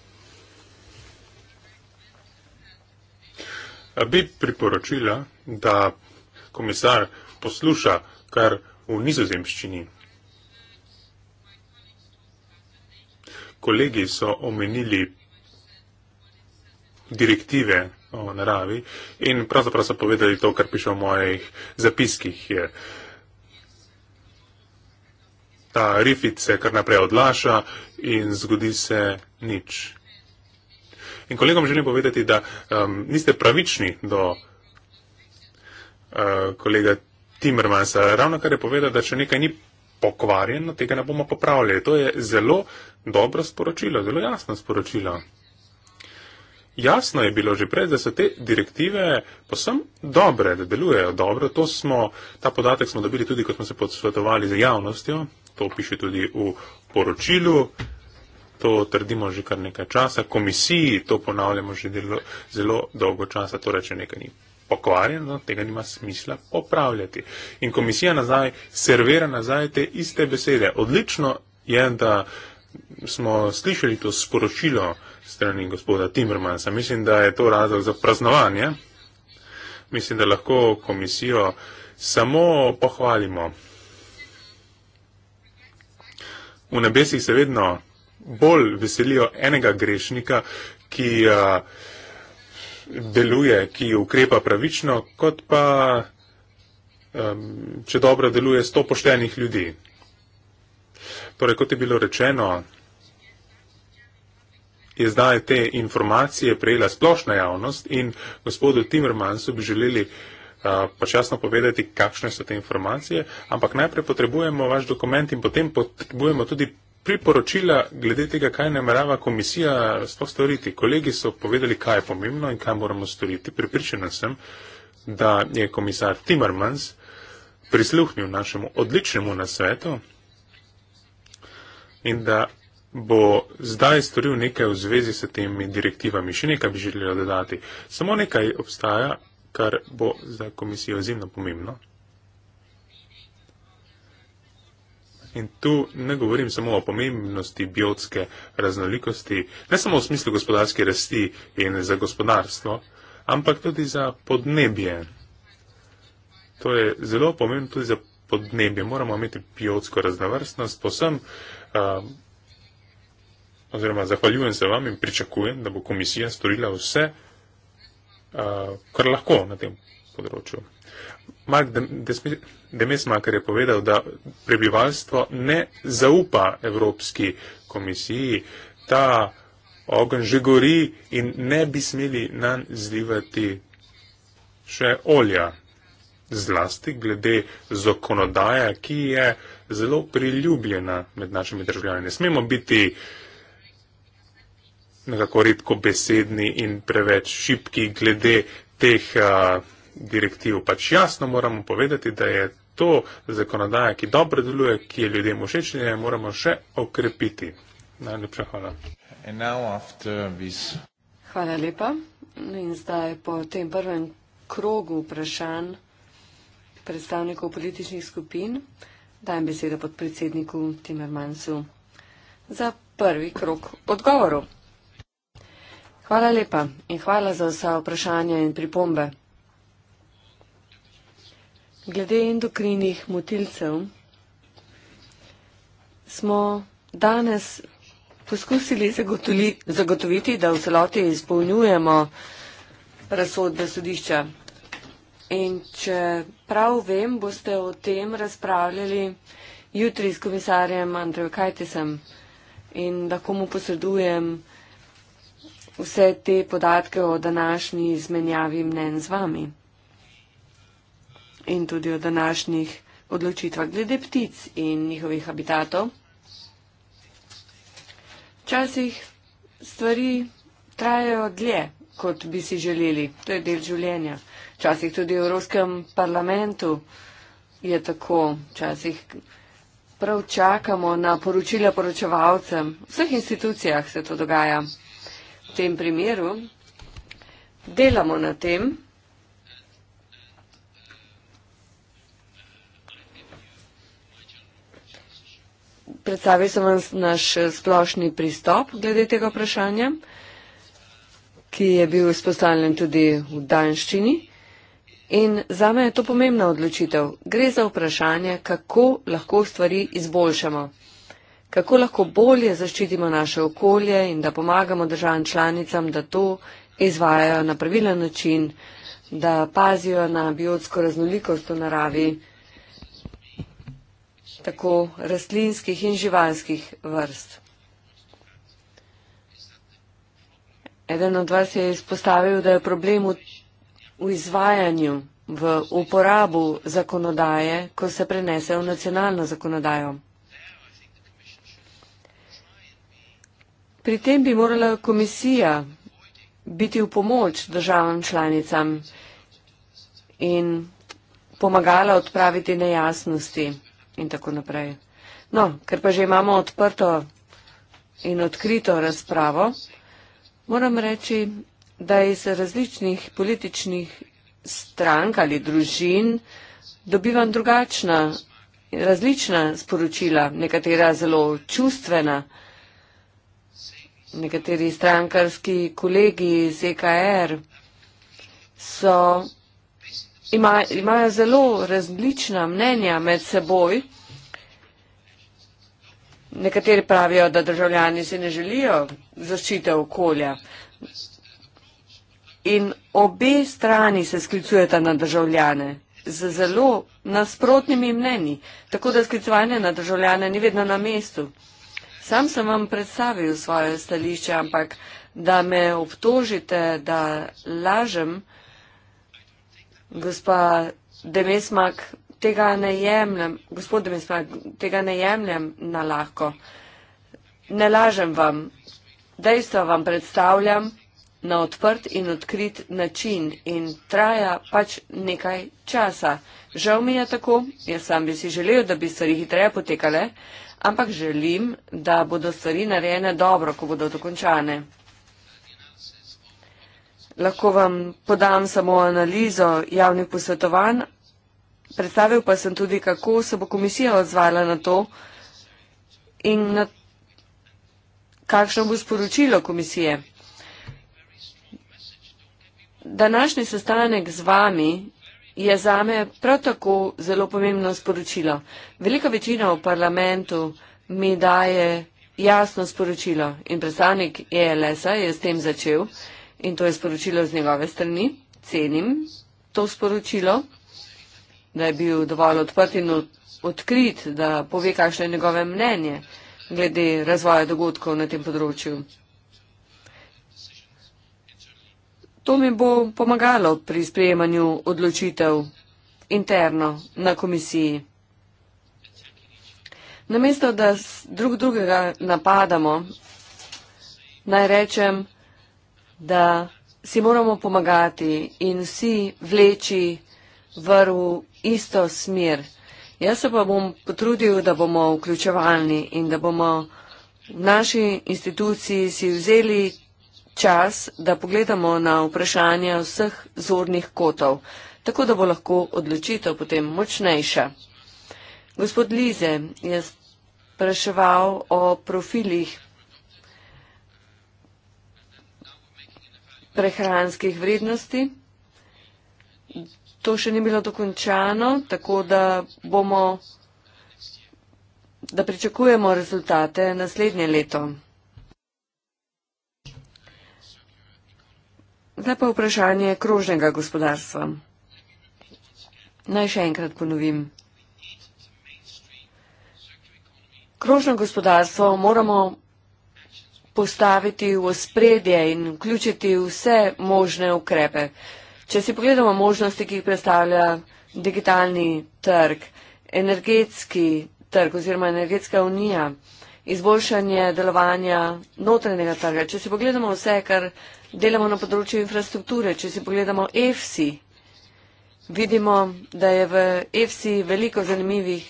Bi priporočila, da komisar posluša, kar v nizozemščini. Kolegi so omenili direktive o naravi in pravzaprav so povedali to, kar piše v mojih zapiskih. Je ta rifit se kar naprej odlaša in zgodi se nič. In kolegom želim povedati, da um, niste pravični do uh, kolega Timmermansa. Ravno kar je povedal, da če nekaj ni pokvarjeno, tega ne bomo popravljali. To je zelo dobro sporočilo, zelo jasno sporočilo. Jasno je bilo že prej, da so te direktive posem dobre, da delujejo dobro. Smo, ta podatek smo dobili tudi, ko smo se podsvetovali z javnostjo, to piše tudi v poročilu, to trdimo že kar nekaj časa, komisiji to ponavljamo že delo, zelo dolgo časa, torej če nekaj ni pokvarjeno, tega nima smisla popravljati. In komisija nazaj servira nazaj te iste besede. Odlično je, da smo slišali to sporočilo strani gospoda Timmermansa. Mislim, da je to razlog za praznovanje. Mislim, da lahko komisijo samo pohvalimo v nebesih se vedno bolj veselijo enega grešnika, ki deluje, ki ukrepa pravično, kot pa, če dobro deluje, sto poštenih ljudi. Torej, kot je bilo rečeno, je zdaj te informacije prejela splošna javnost in gospodu Timmermansu bi želeli uh, počasno povedati, kakšne so te informacije, ampak najprej potrebujemo vaš dokument in potem potrebujemo tudi priporočila glede tega, kaj namerava komisija sploh storiti. Kolegi so povedali, kaj je pomembno in kaj moramo storiti. Pripričana sem, da je komisar Timmermans prisluhnil našemu odličnemu nasvetu in da bo zdaj storil nekaj v zvezi s temi direktivami. Še nekaj bi želela dodati. Samo nekaj obstaja, kar bo za komisijo izjemno pomembno. In tu ne govorim samo o pomembnosti biotske raznolikosti, ne samo v smislu gospodarske rasti in za gospodarstvo, ampak tudi za podnebje. To je zelo pomembno tudi za podnebje. Moramo imeti biotsko raznovrstnost posem. Um, oziroma, zahvaljujem se vam in pričakujem, da bo komisija storila vse, uh, kar lahko na tem področju. Mark Demesmaker je povedal, da prebivalstvo ne zaupa Evropski komisiji, ta ogenj že gori in ne bi smeli nam zlivati še olja. Zlasti glede zakonodaja, ki je zelo priljubljena med našimi državljani. Ne smemo biti uh, nekako redko besedni in preveč šipki glede teh a, direktiv. Pač jasno moramo povedati, da je to zakonodaja, ki dobro deluje, ki je ljudem všeč, in jo moramo še okrepiti. Najlepša hvala. Hvala lepa. In zdaj po tem prvem krogu vprašanj predstavnikov političnih skupin dajem besedo podpredsedniku Timermansu za prvi krok odgovorov. Hvala lepa in hvala za vsa vprašanja in pripombe. Glede endokrinih motilcev smo danes poskusili zagotoviti, da v celoti izpolnjujemo razsodbe sodišča. In če prav vem, boste o tem razpravljali jutri s komisarjem Andrej Kajtisem in lahko mu posredujem vsega vse te podatke o današnji izmenjavi mnen z vami in tudi o današnjih odločitvah glede ptic in njihovih habitatov. Včasih stvari trajajo dlje, kot bi si želeli. To je del življenja. Včasih tudi v Evropskem parlamentu je tako. Včasih prav čakamo na poročila poročevalcem. V vseh institucijah se to dogaja tem primeru delamo na tem, predstavil sem vam naš splošni pristop glede tega vprašanja, ki je bil izpostavljen tudi v danščini. In za me je to pomembna odločitev. Gre za vprašanje, kako lahko stvari izboljšamo kako lahko bolje zaščitimo naše okolje in da pomagamo državam članicam, da to izvajajo na pravilen način, da pazijo na biotsko raznolikost v naravi, tako rastlinskih in živalskih vrst. Eden od vas je izpostavil, da je problem v izvajanju, v uporabu zakonodaje, ko se prenese v nacionalno zakonodajo. Pri tem bi morala komisija biti v pomoč državam članicam in pomagala odpraviti nejasnosti in tako naprej. No, ker pa že imamo odprto in odkrito razpravo, moram reči, da iz različnih političnih strank ali družin dobivam drugačna, različna sporočila, nekatera zelo čustvena nekateri strankarski kolegi iz EKR so, ima, imajo zelo različna mnenja med seboj. Nekateri pravijo, da državljani si ne želijo zaščite okolja. In obe strani se sklicujeta na državljane z zelo nasprotnimi mnenji. Tako da sklicovanje na državljane ni vedno na mestu. Sam sem vam predstavil svoje stališče, ampak da me obtožite, da lažem, gospa Demesmak, tega ne jemljem, gospod Demesmak, tega ne jemljem na lahko. Ne lažem vam, dejstva vam predstavljam na odprt in odkrit način in traja pač nekaj časa. Žal mi je tako, jaz sam bi si želel, da bi stvari hitreje potekale ampak želim, da bodo stvari narejene dobro, ko bodo dokončane. Lahko vam podam samo analizo javnih posvetovanj, predstavil pa sem tudi, kako se bo komisija odzvala na to in na kakšno bo sporočilo komisije. Današnji sestanek z vami je zame prav tako zelo pomembno sporočilo. Velika večina v parlamentu mi daje jasno sporočilo in predstavnik ELS-a je s tem začel in to je sporočilo z njegove strani. Cenim to sporočilo, da je bil dovolj odprt in odkrit, da pove, kakšno je njegove mnenje glede razvoja dogodkov na tem področju. To mi bo pomagalo pri sprejemanju odločitev interno na komisiji. Namesto, da drug drugega napadamo, naj rečem, da si moramo pomagati in vsi vleči vrv isto smer. Jaz se pa bom potrudil, da bomo vključevalni in da bomo v naši instituciji si vzeli čas, da pogledamo na vprašanje vseh zornih kotov, tako da bo lahko odločitev potem močnejša. Gospod Lize je spraševal o profilih prehranskih vrednosti. To še ni bilo dokončano, tako da bomo da pričakujemo rezultate naslednje leto. Zdaj pa vprašanje krožnega gospodarstva. Naj še enkrat ponovim. Krožno gospodarstvo moramo postaviti v spredje in vključiti vse možne ukrepe. Če si pogledamo možnosti, ki jih predstavlja digitalni trg, energetski trg oziroma energetska unija, izboljšanje delovanja notranjega trga, če si pogledamo vse, kar Delamo na področju infrastrukture. Če si pogledamo EFSI, vidimo, da je v EFSI veliko zanimivih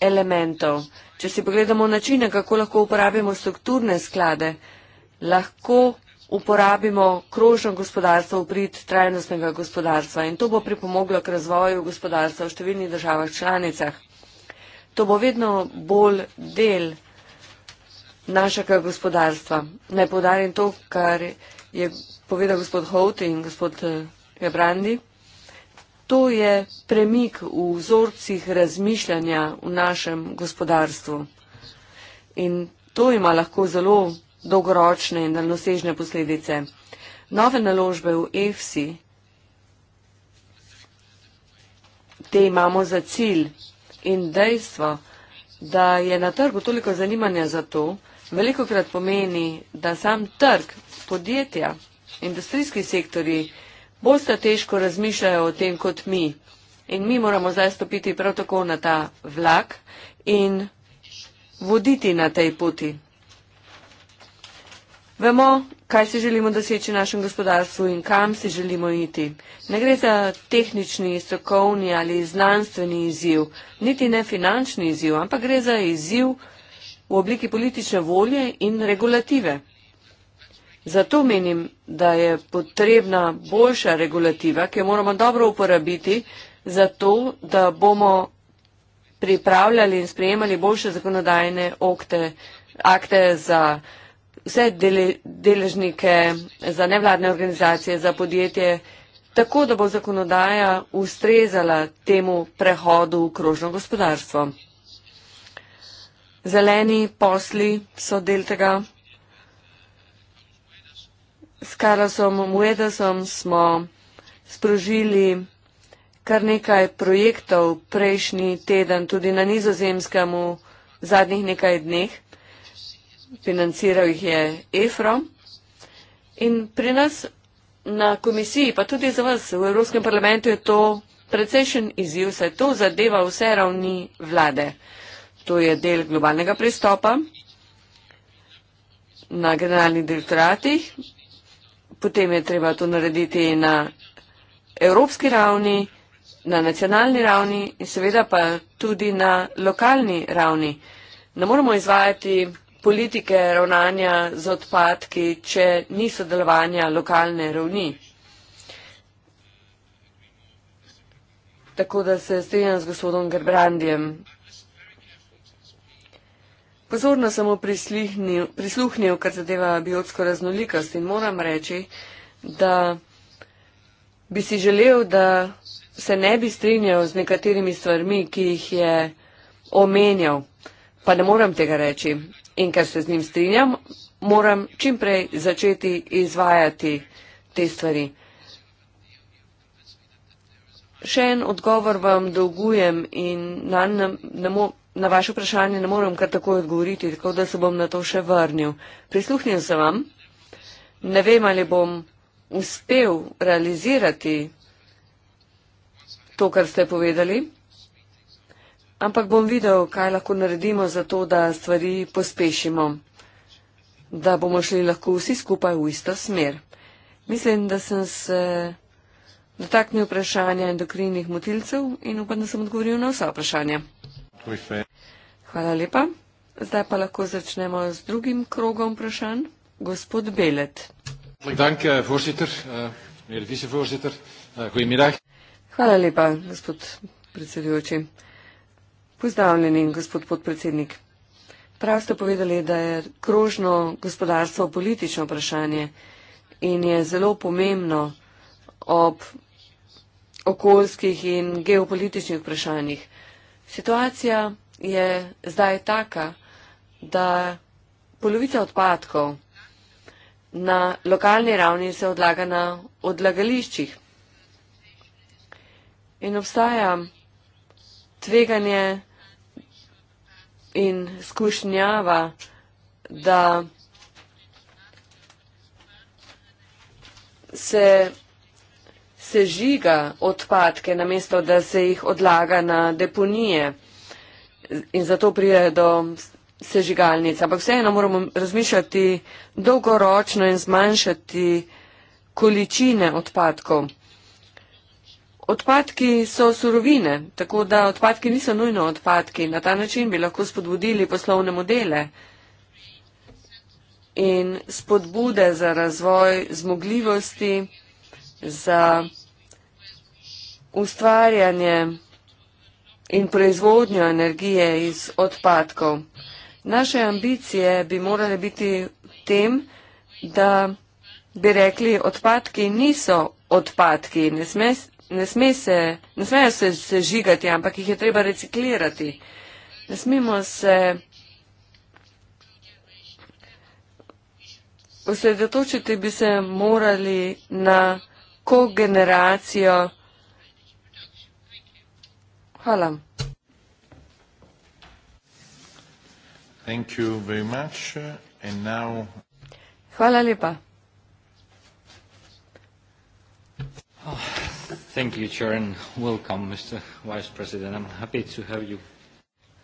elementov. Če si pogledamo načine, kako lahko uporabimo strukturne sklade, lahko uporabimo krožno gospodarstvo v prid trajnostnega gospodarstva in to bo pripomoglo k razvoju gospodarstva v številnih državah članicah. To bo vedno bolj del našega gospodarstva. Naj podarim to, kar je povedal gospod Holt in gospod eh, Gabrandi. To je premik v vzorcih razmišljanja v našem gospodarstvu. In to ima lahko zelo dolgoročne in daljnosežne posledice. Nove naložbe v EFSI, te imamo za cilj in dejstvo, da je na trgu toliko zanimanja za to, velikokrat pomeni, da sam trg, podjetja, industrijski sektori bolj strateško razmišljajo o tem kot mi. In mi moramo zdaj stopiti prav tako na ta vlak in voditi na tej poti. Vemo, kaj si želimo doseči v našem gospodarstvu in kam si želimo iti. Ne gre za tehnični, strokovni ali znanstveni izziv, niti ne finančni izziv, ampak gre za izziv, v obliki politične volje in regulative. Zato menim, da je potrebna boljša regulativa, ki jo moramo dobro uporabiti, zato da bomo pripravljali in sprejemali boljše zakonodajne okte, akte za vse dele, deležnike, za nevladne organizacije, za podjetje, tako da bo zakonodaja ustrezala temu prehodu v krožno gospodarstvo zeleni posli so del tega. S Karlosom Muedasom smo sprožili kar nekaj projektov prejšnji teden, tudi na nizozemskem v zadnjih nekaj dneh. Financiral jih je EFRO. In pri nas na komisiji, pa tudi za vas v Evropskem parlamentu, je to precejšen izziv, saj to zadeva vse ravni vlade. To je del globalnega pristopa na generalnih direktoratih. Potem je treba to narediti na evropski ravni, na nacionalni ravni in seveda pa tudi na lokalni ravni. Ne moremo izvajati politike ravnanja z odpadki, če ni sodelovanja lokalne ravni. Tako da se strinjam z gospodom Gerbrandjem. Pozorno sem prisluhnil, kar zadeva biotsko raznolikost in moram reči, da bi si želel, da se ne bi strinjal z nekaterimi stvarmi, ki jih je omenjal, pa ne moram tega reči. In ker se z njim strinjam, moram čimprej začeti izvajati te stvari. Še en odgovor vam dolgujem in nam ne morem na vaše vprašanje ne morem kar takoj odgovoriti, tako da se bom na to še vrnil. Prisluhnil sem vam, ne vem, ali bom uspel realizirati to, kar ste povedali, ampak bom videl, kaj lahko naredimo za to, da stvari pospešimo, da bomo šli lahko vsi skupaj v isto smer. Mislim, da sem se dotaknil vprašanja endokrinih motilcev in upam, da sem odgovoril na vsa vprašanja. Hvala lepa. Zdaj pa lahko začnemo z drugim krogom vprašanj. Gospod Belet. Dank, eh, voorzitter. Eh, eh, goedemiddag. Hvala lepa, gospod predsedujoči. Pozdravljeni, gospod podpredsednik. Prav ste povedali, da je krožno gospodarstvo politično vprašanje in je zelo pomembno ob okoljskih in geopolitičnih vprašanjih. Situacija je zdaj taka, da polovica odpadkov na lokalni ravni se odlaga na odlagališčih. In obstaja tveganje in skušnjava, da se sežiga odpadke, namesto da se jih odlaga na deponije in zato pride do sežigalnic. Ampak vseeno moramo razmišljati dolgoročno in zmanjšati količine odpadkov. Odpadki so surovine, tako da odpadki niso nujno odpadki. Na ta način bi lahko spodbudili poslovne modele in spodbude za razvoj zmogljivosti, za ustvarjanje in proizvodnjo energije iz odpadkov. Naše ambicije bi morale biti tem, da bi rekli, odpadki niso odpadki, ne smejo se, ne sme se, se žigati, ampak jih je treba reciklirati. Ne smemo se osredotočiti, bi se morali na kogeneracijo generacijo Hvala. Hvala lepa. Oh,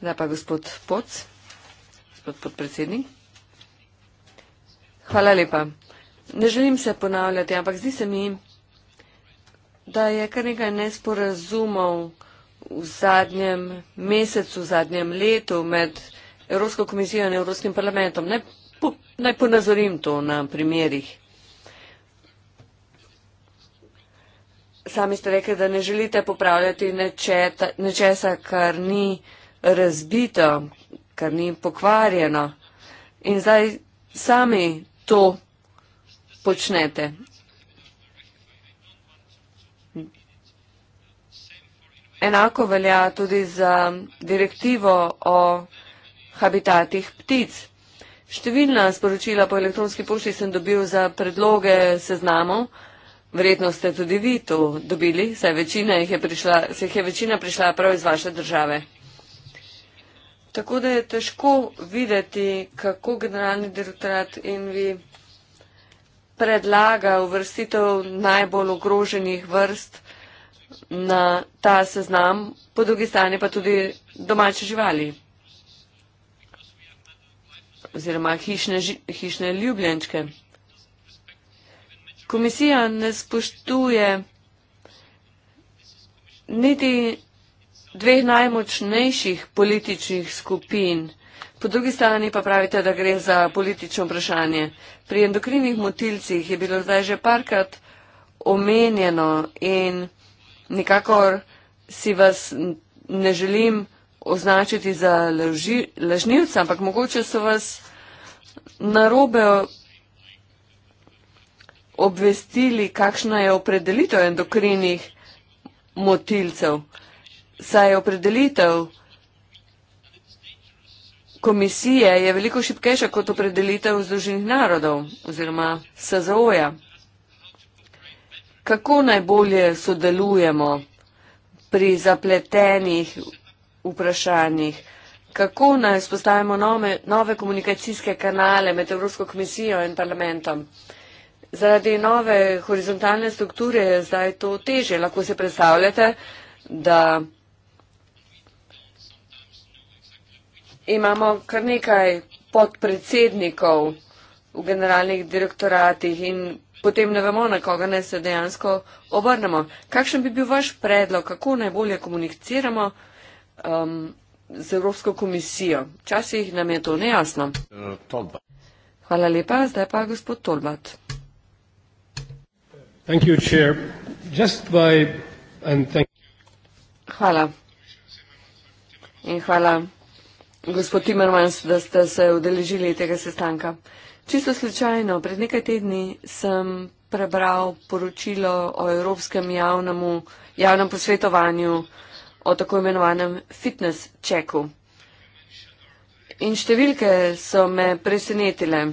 da pa gospod Poc, gospod podpredsednik. Hvala lepa. Ne želim se ponavljati, ampak zdi se mi, da je kar nekaj nesporazumov v zadnjem mesecu, v zadnjem letu med Evropsko komisijo in Evropskim parlamentom. Naj, po, naj ponazorim to na primerih. Sami ste rekli, da ne želite popravljati nečeta, nečesa, kar ni razbito, kar ni pokvarjeno. In zdaj sami to počnete. Enako velja tudi za direktivo o habitatih ptic. Številna sporočila po elektronski pošti sem dobil za predloge seznamov, verjetno ste tudi vi to dobili, saj večina jih je prišla, se jih je večina prišla prav iz vaše države. Tako da je težko videti, kako generalni direktorat in vi predlaga uvrstitev najbolj ogroženih vrst na ta seznam, po drugi strani pa tudi domače živali oziroma hišne, hišne ljubljenčke. Komisija ne spoštuje niti dveh najmočnejših političnih skupin, po drugi strani pa pravite, da gre za politično vprašanje. Pri endokrinih motilcih je bilo zdaj že parkrat omenjeno in nikakor si vas ne želim označiti za laži, lažnivca, ampak mogoče so vas narobe obvestili, kakšna je opredelitev endokrinih motilcev. Saj je opredelitev komisije je veliko šipkejša kot opredelitev Združenih narodov oziroma SZO-ja kako najbolje sodelujemo pri zapletenih vprašanjih, kako naj spostavimo nove, nove komunikacijske kanale med Evropsko komisijo in parlamentom. Zaradi nove horizontalne strukture je zdaj to teže. Lahko se predstavljate, da imamo kar nekaj podpredsednikov v generalnih direktoratih in potem ne vemo, na koga naj se dejansko obrnemo. Kakšen bi bil vaš predlog, kako najbolje komuniciramo um, z Evropsko komisijo? Včasih nam je to nejasno. Uh, Hvala lepa, zdaj pa gospod Tolbat. You, by, hvala. In hvala, gospod Timmermans, da ste se udeležili tega sestanka. Čisto slučajno, pred nekaj tedni sem prebral poročilo o evropskem javnemu, javnem posvetovanju o tako imenovanem fitness checku. In številke so me presenetile.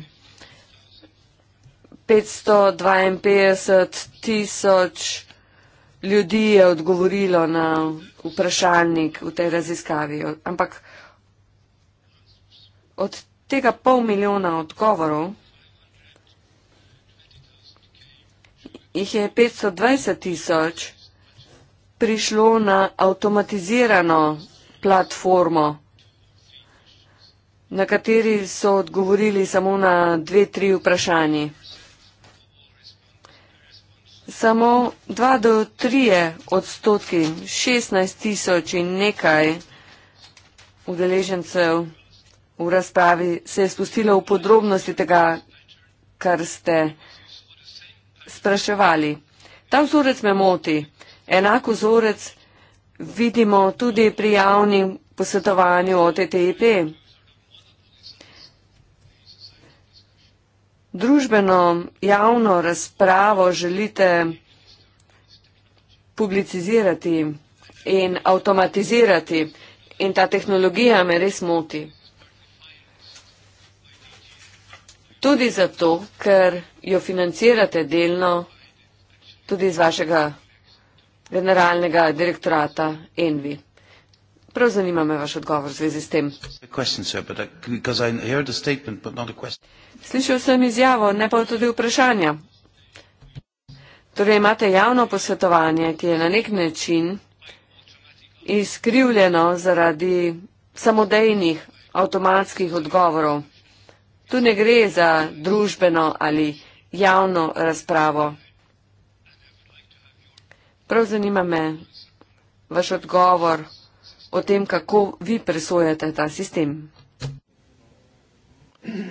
552 tisoč ljudi je odgovorilo na vprašalnik v tej raziskavi, ampak od tega pol milijona odgovorov, jih je 520 tisoč prišlo na avtomatizirano platformo, na kateri so odgovorili samo na dve, tri vprašanji. Samo 2 do 3 odstotki, 16 tisoč in nekaj udeležencev v razpravi se je spustilo v podrobnosti tega, kar ste spraševali. Ta vzorec me moti. Enak vzorec vidimo tudi pri javnem posvetovanju o TTIP. Družbeno javno razpravo želite publicizirati in avtomatizirati in ta tehnologija me res moti. tudi zato, ker jo financirate delno tudi iz vašega generalnega direktorata Envi. Prav zanima me vaš odgovor v zvezi s tem. Uh, Slišal sem izjavo, ne pa tudi vprašanja. Torej imate javno posvetovanje, ki je na nek način izkrivljeno zaradi samodejnih avtomatskih odgovorov. Tu ne gre za družbeno ali javno razpravo. Prav zanima me vaš odgovor o tem, kako vi presojate ta sistem. Um,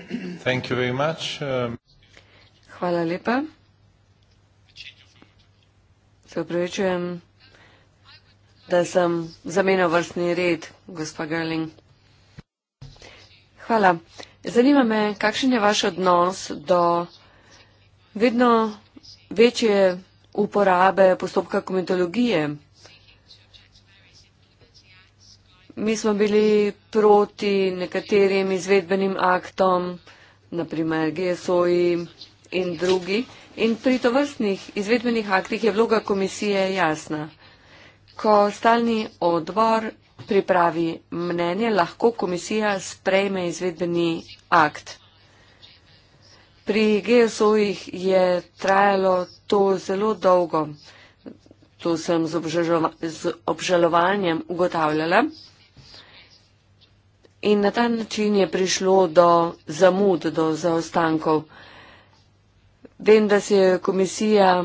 Hvala lepa. Se upravičujem, da sem zamenil vrstni red, gospa Gerling. Hvala. Zanima me, kakšen je vaš odnos do vedno večje uporabe postopka komitologije. Mi smo bili proti nekaterim izvedbenim aktom, naprimer GSO-ji in drugi, in pri tovrstnih izvedbenih aktih je vloga komisije jasna. Ko stalni odbor pripravi mnenje, lahko komisija sprejme izvedbeni akt. Pri GSO-jih e je trajalo to zelo dolgo. To sem z, z obžalovanjem ugotavljala. In na ta način je prišlo do zamud, do zaostankov. Vem, da se je komisija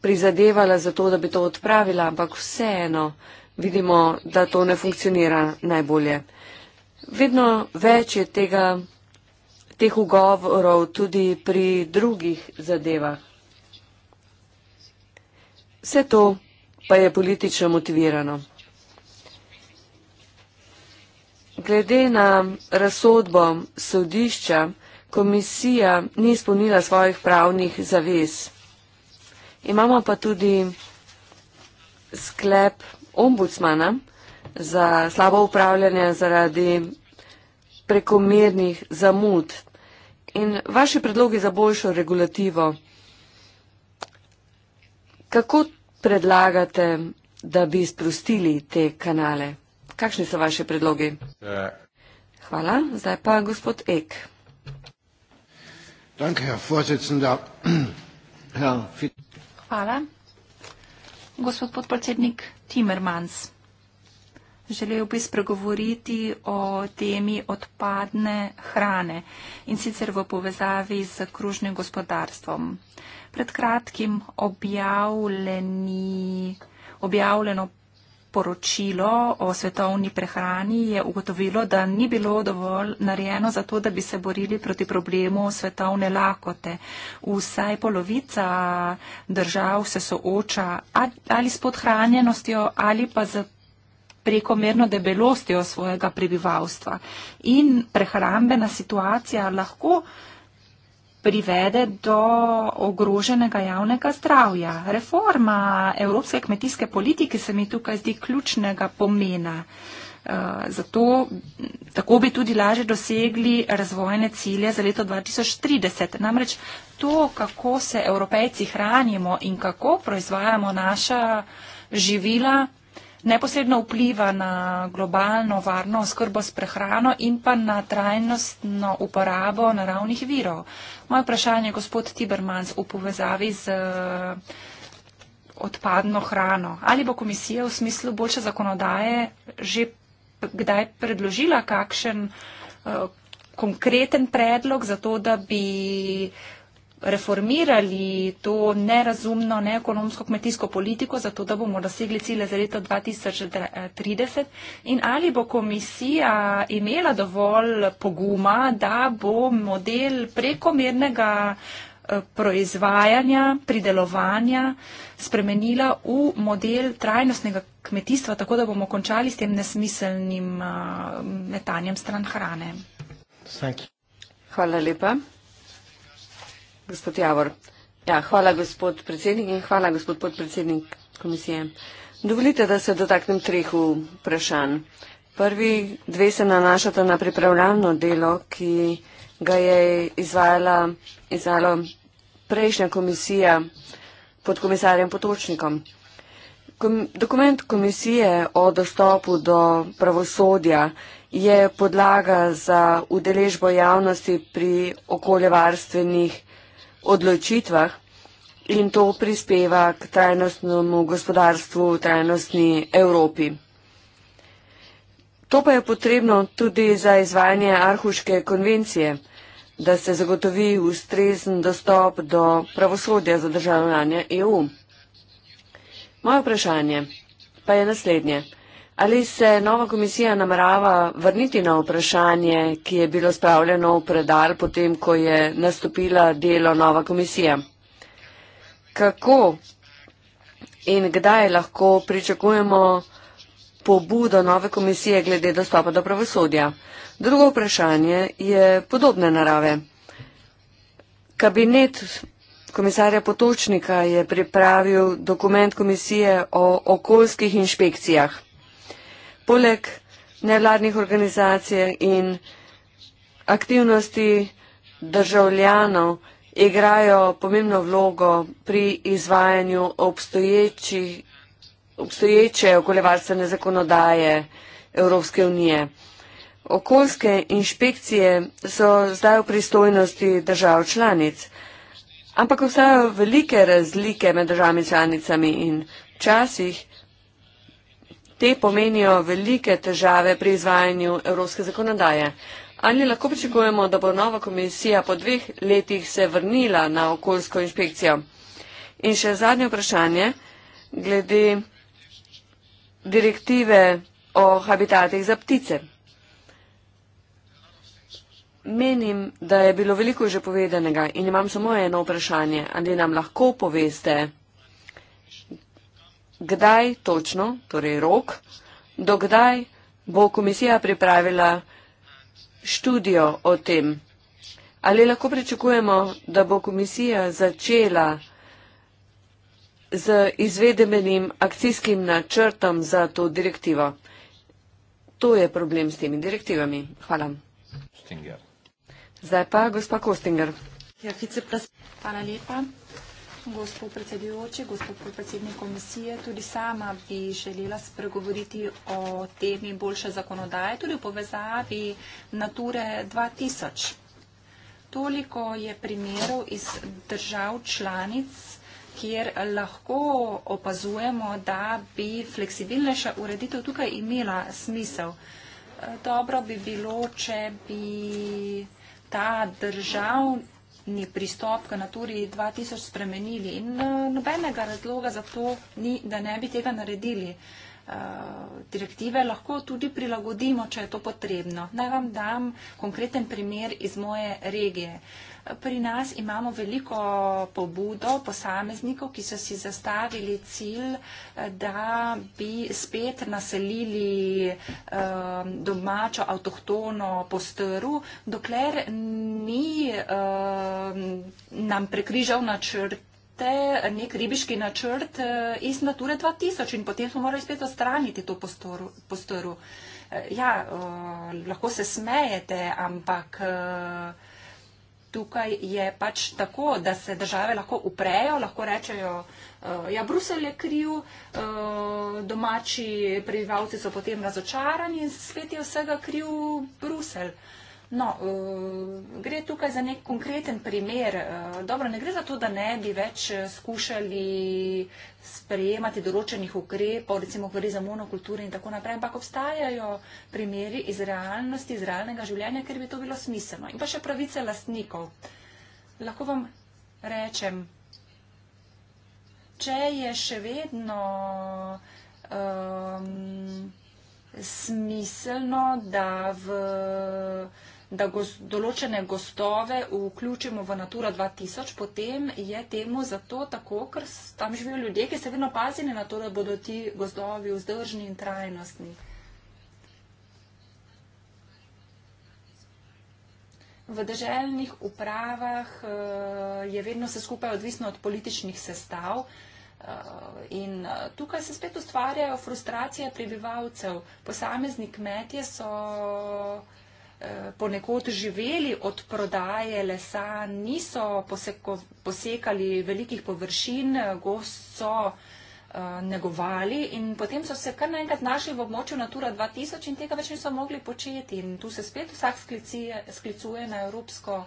prizadevala za to, da bi to odpravila, ampak vseeno vidimo, da to ne funkcionira najbolje. Vedno več je tega, teh ugovorov tudi pri drugih zadevah. Vse to pa je politično motivirano. Glede na razsodbo sodišča, komisija ni izpolnila svojih pravnih zavez. Imamo pa tudi sklep ombudsmana za slabo upravljanje zaradi prekomernih zamud in vaši predlogi za boljšo regulativo. Kako predlagate, da bi sprostili te kanale? Kakšni so vaše predlogi? Hvala. Zdaj pa gospod Ek. Danke, Herr Hvala. Gospod podpredsednik, Timmermans. Želel bi spregovoriti o temi odpadne hrane in sicer v povezavi z kružnim gospodarstvom. Pred kratkim objavljeno poročilo o svetovni prehrani je ugotovilo, da ni bilo dovolj narejeno za to, da bi se borili proti problemu svetovne lakote. Vsaj polovica držav se sooča ali s podhranjenostjo ali pa z prekomerno debelostjo svojega prebivalstva. In prehrambena situacija lahko privede do ogroženega javnega zdravja. Reforma evropske kmetijske politike se mi tukaj zdi ključnega pomena. Eh, zato tako bi tudi lažje dosegli razvojne cilje za leto 2030. Namreč to, kako se evropejci hranimo in kako proizvajamo naša živila, neposredno vpliva na globalno varno oskrbo s prehrano in pa na trajnostno uporabo naravnih virov. Moje vprašanje je gospod Tibermans v povezavi z eh, odpadno hrano. Ali bo komisija v smislu boljše zakonodaje že kdaj predložila kakšen uh, konkreten predlog za to, da bi uh, reformirali to nerazumno, neekonomsko kmetijsko politiko, zato da bomo dosegli cilje za leto 2030 in ali bo komisija imela dovolj poguma, da bo model prekomernega eh, proizvajanja, pridelovanja spremenila v model trajnostnega kmetijstva, tako da bomo končali s tem nesmiselnim eh, metanjem stran hrane. Thank you. Hvala lepa. Gospod Javor. Ja, hvala, gospod predsednik in hvala, gospod podpredsednik komisije. Dovolite, da se dotaknem treh vprašanj. Prvi dve se nanašata na pripravljalno delo, ki ga je izvajala, izvajala prejšnja komisija pod komisarjem Potočnikom. Kom, dokument komisije o dostopu do pravosodja je podlaga za udeležbo javnosti pri okoljevarstvenih odločitvah in to prispeva k trajnostnemu gospodarstvu, trajnostni Evropi. To pa je potrebno tudi za izvajanje Arhuške konvencije, da se zagotovi ustrezen dostop do pravosodja za državljanje EU. Moje vprašanje pa je naslednje. Ali se nova komisija namerava vrniti na vprašanje, ki je bilo spravljeno v predal potem, ko je nastopila delo nova komisija? Kako in kdaj lahko pričakujemo pobudo nove komisije glede dostopa do pravosodja? Drugo vprašanje je podobne narave. Kabinet komisarja Potočnika je pripravil dokument komisije o okoljskih inšpekcijah poleg nevladnih organizacij in aktivnosti državljanov igrajo pomembno vlogo pri izvajanju obstoječe okoljevarstvene zakonodaje Evropske unije. Okoljske inšpekcije so zdaj v pristojnosti držav članic, ampak obstajajo velike razlike med državami članicami in včasih Te pomenijo velike težave pri izvajanju evropske zakonodaje. Ali lahko pričakujemo, da bo nova komisija po dveh letih se vrnila na okoljsko inšpekcijo? In še zadnje vprašanje glede direktive o habitatih za ptice. Menim, da je bilo veliko že povedanega in imam samo eno vprašanje. Ali nam lahko poveste, kdaj točno, torej rok, dokdaj bo komisija pripravila študijo o tem. Ali lahko pričakujemo, da bo komisija začela z izvedemenim akcijskim načrtom za to direktivo? To je problem s temi direktivami. Hvala. Stinger. Zdaj pa gospa Kostinger. Ja, Hvala lepa gospod predsedujoči, gospod predsednik komisije. Tudi sama bi želela spregovoriti o temi boljše zakonodaje, tudi v povezavi Nature 2000. Toliko je primerov iz držav članic, kjer lahko opazujemo, da bi fleksibilnejša ureditev tukaj imela smisel. Dobro bi bilo, če bi ta držav ni pristop k naturi 2000 spremenili in eh, nobenega razloga za to ni, da ne bi tega naredili. Eh, direktive lahko tudi prilagodimo, če je to potrebno. Naj vam dam konkreten primer iz moje regije. Pri nas imamo veliko pobudo posameznikov, ki so si zastavili cilj, da bi spet naselili um, domačo avtohtono postrv, dokler ni um, nam prekrižal načrt nek ribiški načrt uh, iz Nature 2000 in potem smo morali spet odstraniti to postoru. Uh, ja, uh, lahko se smejete, ampak tukaj je pač tako, da se države lahko uprejo, lahko rečejo, uh, ja, Brusel je kriv, uh, domači prebivalci so potem razočarani in svet je vsega kriv Brusel. Uh, No, uh, gre tukaj za nek konkreten primer. Uh, dobro, ne gre za to, da ne bi več eh, skušali sprejemati določenih ukrepov, recimo gre za monokulture in tako naprej, ampak obstajajo primeri iz realnosti, iz realnega življenja, ker bi to bilo smiselno. In pa še pravice lastnikov. Lahko vam rečem, če je še vedno. Um, smiselno, da v da goz, določene gostove vključimo v Natura 2000, potem je temu zato tako, ker tam živijo ljudje, ki se vedno pazijo na to, da bodo ti gozdovi vzdržni in trajnostni. V državnih upravah eh, je vedno vse skupaj odvisno od političnih sestav. Eh, in eh, tukaj se spet ustvarjajo frustracije prebivalcev. Posamezni kmetje so Eh, ponekod živeli od prodaje lesa, niso posekali velikih površin, gost so eh, negovali in potem so se kar naenkrat našli v območju Natura 2000 in tega več niso mogli početi. In tu se spet vsak sklicuje, sklicuje na evropsko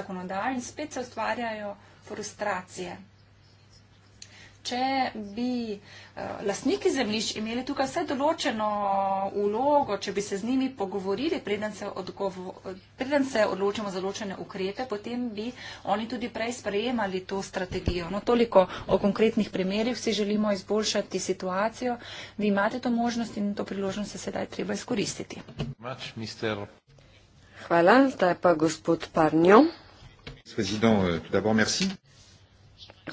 zakonodajo in spet se ustvarjajo frustracije če bi eh, lastniki zemljišč imeli tukaj vse določeno ulogo, če bi se z njimi pogovorili, preden se, preden se odločimo za določene ukrepe, potem bi oni tudi prej sprejemali to strategijo. No, toliko o konkretnih primerjih, vsi želimo izboljšati situacijo, vi imate to možnost in to priložnost se sedaj treba izkoristiti. Hvala, zdaj pa gospod Parnjo. Euh,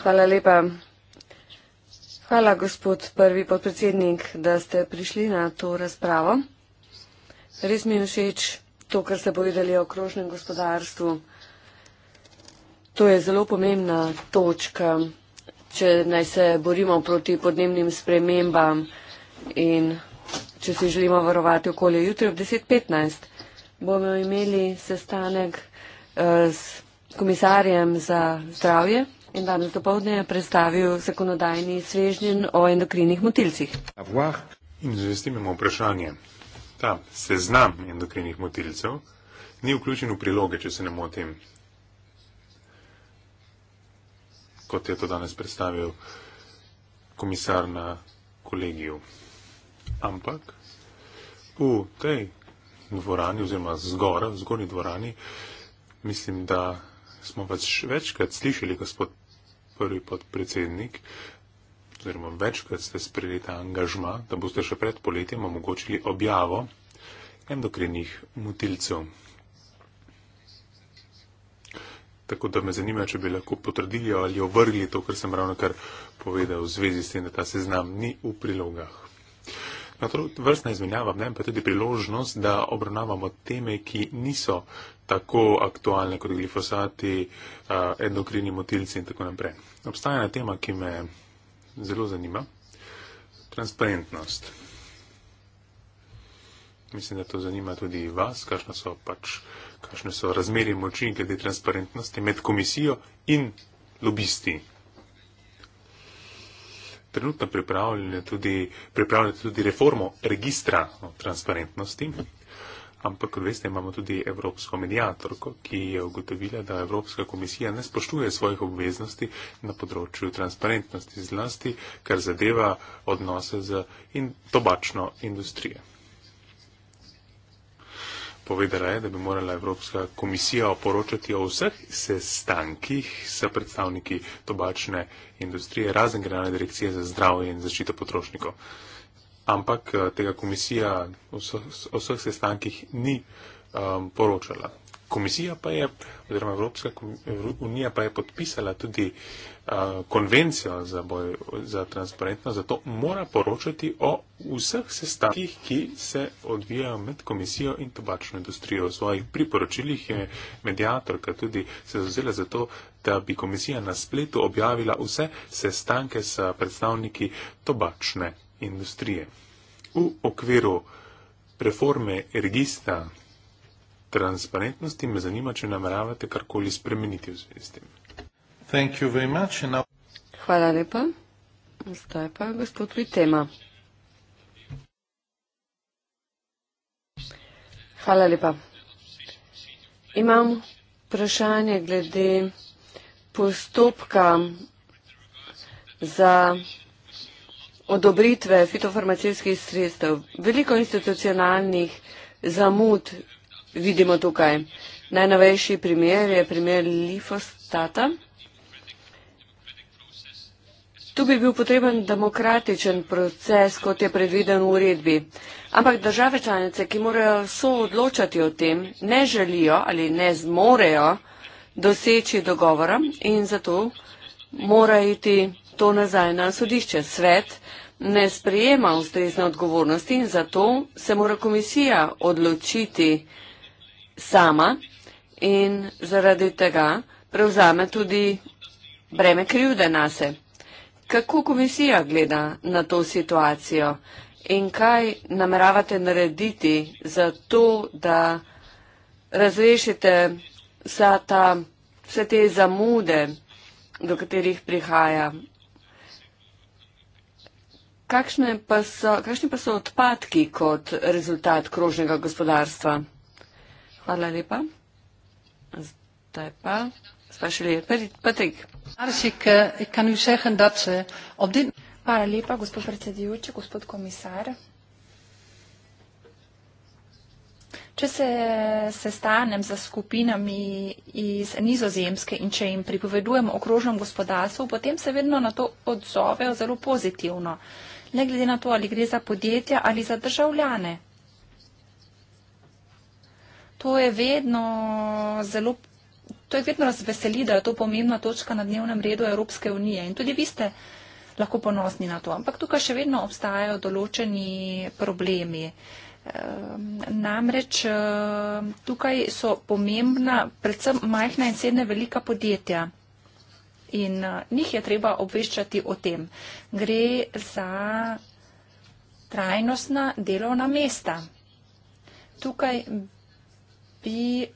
Hvala lepa, Hvala, gospod prvi podpredsednik, da ste prišli na to razpravo. Res mi je všeč to, kar ste povedali o krožnem gospodarstvu. To je zelo pomembna točka, če naj se borimo proti podnebnim spremembam in če si želimo varovati okolje. Jutri ob 10.15 bomo imeli sestanek eh, s komisarjem za zdravje in danes dopolne predstavil zakonodajni svežnjen o endokrinih motilcih. In zvesti imamo vprašanje. Ta seznam endokrinih motilcev ni vključen v priloge, če se ne motim, kot je to danes predstavil komisar na kolegiju. Ampak v tej dvorani oziroma zgora, v zgornji dvorani, mislim, da smo več, večkrat slišali gospod prvi podpredsednik, oziroma večkrat ste sprejeli ta angažma, da boste še pred poletjem omogočili objavo endokrinih motilcev. Tako da me zanima, če bi lahko potrdili ali ovrgli to, kar sem ravno kar povedal v zvezi s tem, da ta seznam ni v prilogah. Na to vrstna izmenjava mnen pa tudi priložnost, da obravnavamo teme, ki niso tako aktualne kot glifosati, uh, endokrini motilci in tako naprej. Obstaja ena tema, ki me zelo zanima. Transparentnost. Mislim, da to zanima tudi vas, pač, kakšne so, pač, so razmerje moči glede transparentnosti med komisijo in lobisti. Trenutno pripravljate tudi, pripravljate tudi reformo registra o transparentnosti. Ampak, veste, imamo tudi Evropsko medijatorko, ki je ugotovila, da Evropska komisija ne spoštuje svojih obveznosti na področju transparentnosti zlasti, kar zadeva odnose z in tobačno industrijo. Povedala je, da bi morala Evropska komisija oporočati o vseh sestankih s predstavniki tobačne industrije, razen Generalne direkcije za zdravje in zaščito potrošnikov ampak eh, tega komisija o vseh, vseh sestankih ni um, poročala. Komisija pa je, oziroma Evropska unija pa je podpisala tudi uh, konvencijo za boj za transparentnost, zato mora poročati o vseh sestankih, ki se odvijajo med komisijo in tobačno industrijo. V svojih priporočilih je medijatorka tudi se zauzela za to, da bi komisija na spletu objavila vse sestanke s predstavniki tobačne industrije. V okviru reforme registra transparentnosti me zanima, če nameravate karkoli spremeniti v zvezi s tem. Hvala lepa. Zdaj pa gospod Vitema. Hvala lepa. Imam vprašanje glede postopka za odobritve fitofarmacijskih sredstev. Veliko institucionalnih zamud vidimo tukaj. Najnovejši primer je primer Lifostata. Tu bi bil potreben demokratičen proces, kot je predviden v uredbi. Ampak države članice, ki morajo soodločati o tem, ne želijo ali ne zmorejo doseči dogovora in zato mora iti to nazaj na sodišče. Svet ne sprejema ustrezne odgovornosti in zato se mora komisija odločiti sama in zaradi tega prevzame tudi breme krivde nase. Kako komisija gleda na to situacijo in kaj nameravate narediti za to, da razrešite vsa ta, vse te zamude, do katerih prihaja kakšne pa so, kakšni pa so odpadki kot rezultat krožnega gospodarstva? Hvala lepa. Zdaj pa. Eh, eh, Hvala lepa, gospod predsedujoči, gospod komisar. Če se sestanem za skupinami iz nizozemske in če jim pripovedujem o krožnem gospodarstvu, potem se vedno na to odzovejo zelo pozitivno ne glede na to, ali gre za podjetja ali za državljane. To je vedno zelo. To je vedno razveseli, da je to pomembna točka na dnevnem redu Evropske unije in tudi vi ste lahko ponosni na to. Ampak tukaj še vedno obstajajo določeni problemi. Ehm, namreč ehm, tukaj so pomembna predvsem majhna in srednja velika podjetja in uh, njih je treba obveščati o tem. Gre za trajnostna delovna mesta. Tukaj bi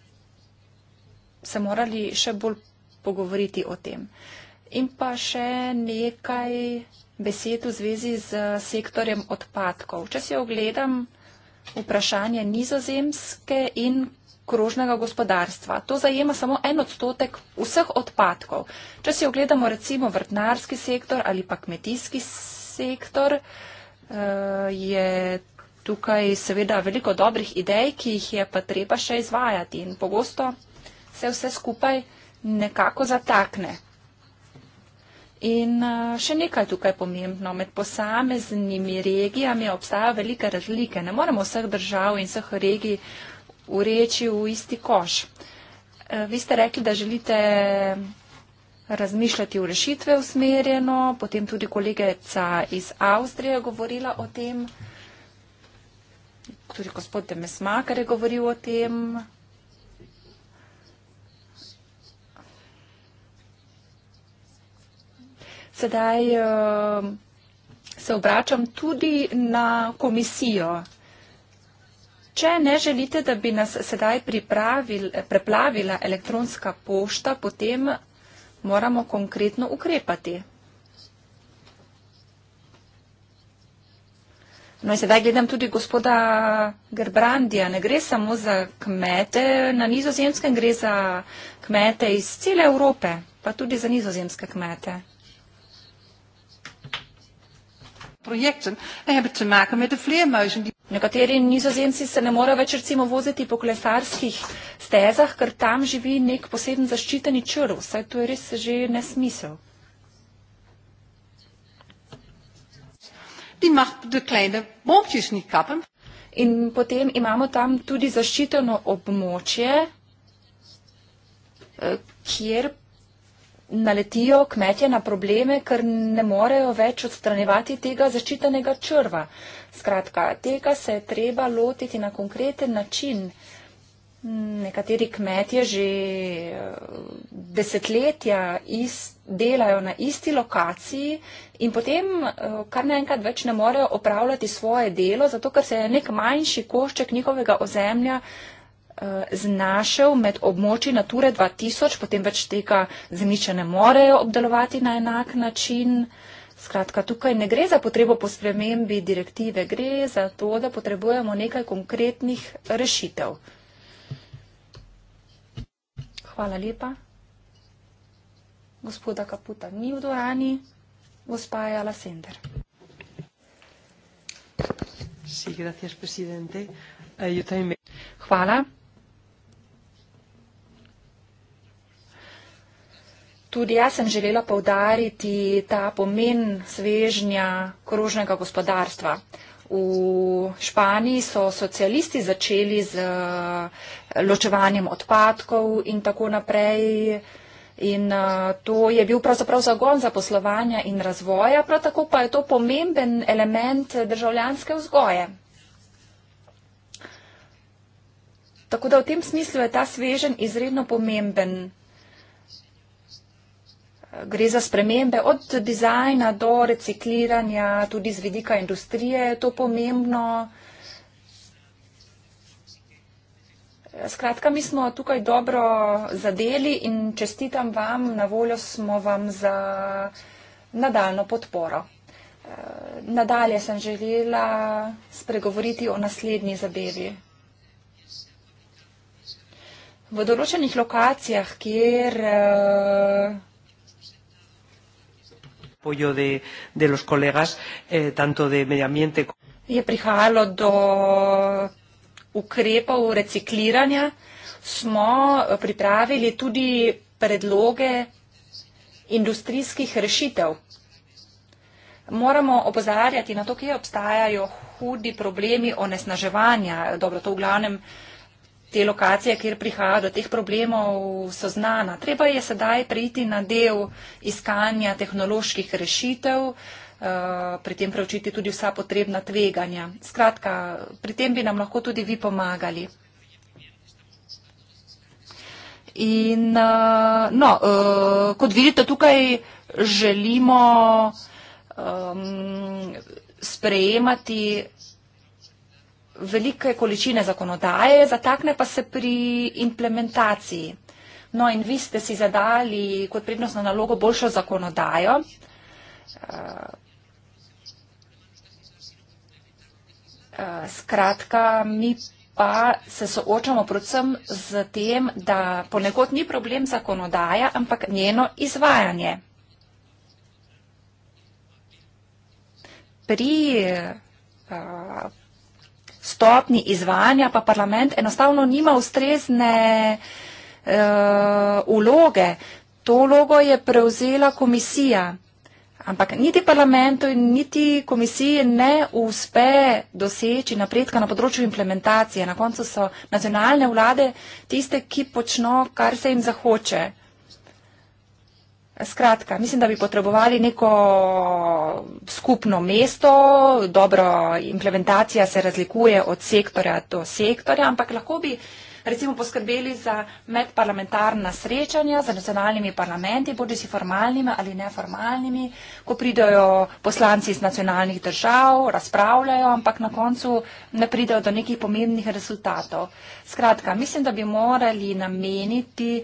se morali še bolj pogovoriti o tem. In pa še nekaj besed v zvezi z sektorjem odpadkov. Če si ogledam vprašanje nizozemske in krožnega gospodarstva. To zajema samo en odstotek vseh odpadkov. Če si ogledamo recimo vrtnarski sektor ali pa kmetijski sektor, eh, je tukaj seveda veliko dobrih idej, ki jih je pa treba še izvajati in pogosto se vse skupaj nekako zatakne. In eh, še nekaj tukaj pomembno. Med posameznimi regijami obstajajo velike razlike. Ne moremo vseh držav in vseh regij ureči v isti koš. E, vi ste rekli, da želite razmišljati v rešitve usmerjeno, potem tudi kolegeca iz Avstrije je govorila o tem, tudi gospod Demesmaker je govoril o tem. Sedaj e, se obračam tudi na komisijo, Če ne želite, da bi nas sedaj preplavila elektronska pošta, potem moramo konkretno ukrepati. No in sedaj gledam tudi gospoda Gerbrandija. Ne gre samo za kmete na nizozemskem, gre za kmete iz cele Evrope, pa tudi za nizozemske kmete. projecten en hebben te maken met de vleermuizen. Die... Nekateri nizozemci se ne morejo več recimo voziti po klesarskih stezah, ker tam živi nek poseben zaščiteni črv. Saj to je res že nesmisel. In potem imamo tam tudi zaščiteno območje, eh, kjer naletijo kmetje na probleme, ker ne morejo več odstranjevati tega zaščitenega črva. Skratka, tega se je treba lotiti na konkreten način. Nekateri kmetje že eh, desetletja is, delajo na isti lokaciji in potem eh, kar naenkrat več ne morejo opravljati svoje delo, zato ker se je nek manjši košček njihovega ozemlja Eh, znašel med območji Nature 2000, potem več tega zemljišča ne morejo obdelovati na enak način. Skratka, tukaj ne gre za potrebo po spremembi direktive, gre za to, da potrebujemo nekaj konkretnih rešitev. Hvala lepa. Gospoda Kaputa ni v dvorani, gospa je Alasender. Eh, Hvala. Tudi jaz sem želela povdariti ta pomen svežnja krožnega gospodarstva. V Španiji so socialisti začeli z eh, ločevanjem odpadkov in tako naprej. In eh, to je bil pravzaprav zagon za poslovanja in razvoja, prav tako pa je to pomemben element državljanske vzgoje. Tako da v tem smislu je ta svežen izredno pomemben gre za spremembe od dizajna do recikliranja, tudi z vidika industrije je to pomembno. Skratka, mi smo tukaj dobro zadeli in čestitam vam, na voljo smo vam za nadaljno podporo. Eh, nadalje sem želela spregovoriti o naslednji zadevi. V določenih lokacijah, kjer eh, apoyo de, de los colegas, eh, tanto de medio ambiente. Je prihajalo do ukrepov recikliranja, smo eh, pripravili tudi predloge industrijskih rešitev. Moramo opozarjati na to, kje obstajajo hudi problemi onesnaževanja. Dobro, to v glavnem eh, te lokacije, kjer prihaja do teh problemov, so znana. Treba je sedaj preiti na del iskanja tehnoloških rešitev, eh, pri tem preučiti tudi vsa potrebna tveganja. Skratka, pri tem bi nam lahko tudi vi pomagali. In, eh, no, eh, kot vidite, tukaj želimo ehm, sprejemati velike količine zakonodaje, zatakne pa se pri implementaciji. No in vi ste si zadali kot prednostno nalogo boljšo zakonodajo. Eh, eh, skratka, mi pa se soočamo predvsem z tem, da ponekod ni problem zakonodaja, ampak njeno izvajanje. Pri eh, stopni izvajanja, pa parlament enostavno nima ustrezne uloge. Eh, uh, to vlogo je prevzela komisija. Ampak niti parlamentu in niti komisiji ne uspe doseči napredka na področju implementacije. Na koncu so nacionalne vlade tiste, ki počno, kar se jim zahoče. Skratka, mislim, da bi potrebovali neko skupno mesto, dobro implementacija se razlikuje od sektorja do sektorja, ampak lahko bi recimo poskrbeli za medparlamentarna srečanja z nacionalnimi parlamenti, bodi si formalnimi ali neformalnimi, ko pridajo poslanci iz nacionalnih držav, razpravljajo, ampak na koncu ne pridajo do nekih pomembnih rezultatov. Skratka, mislim, da bi morali nameniti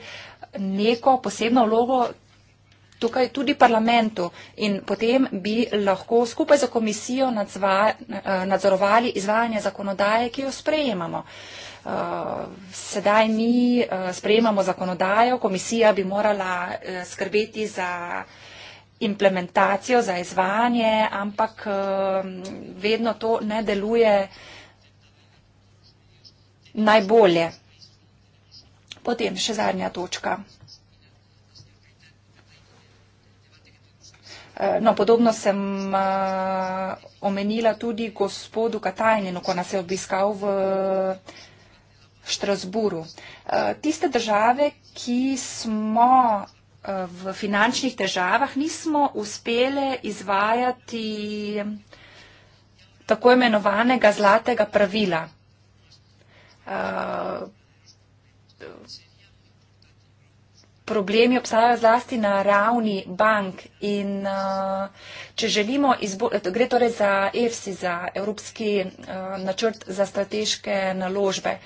neko posebno vlogo tukaj tudi parlamentu in potem bi lahko skupaj za komisijo nadzva, eh, nadzorovali izvajanje zakonodaje, ki jo sprejemamo. Eh, sedaj mi eh, sprejemamo zakonodajo, komisija bi morala skrbeti za implementacijo, za izvajanje, ampak vedno to ne deluje najbolje. Potem še zadnja točka. Eh, no, podobno sem uh, omenila tudi gospodu Katajninu, ko nas je obiskal v eh, Štrasburu. Uh, tiste države, ki smo uh, v finančnih težavah, nismo uspele izvajati tako imenovanega zlatega pravila. Uh, problemi obstajajo zlasti na ravni bank in eh, če želimo, gre torej za EFSI, za Evropski eh, načrt za strateške naložbe.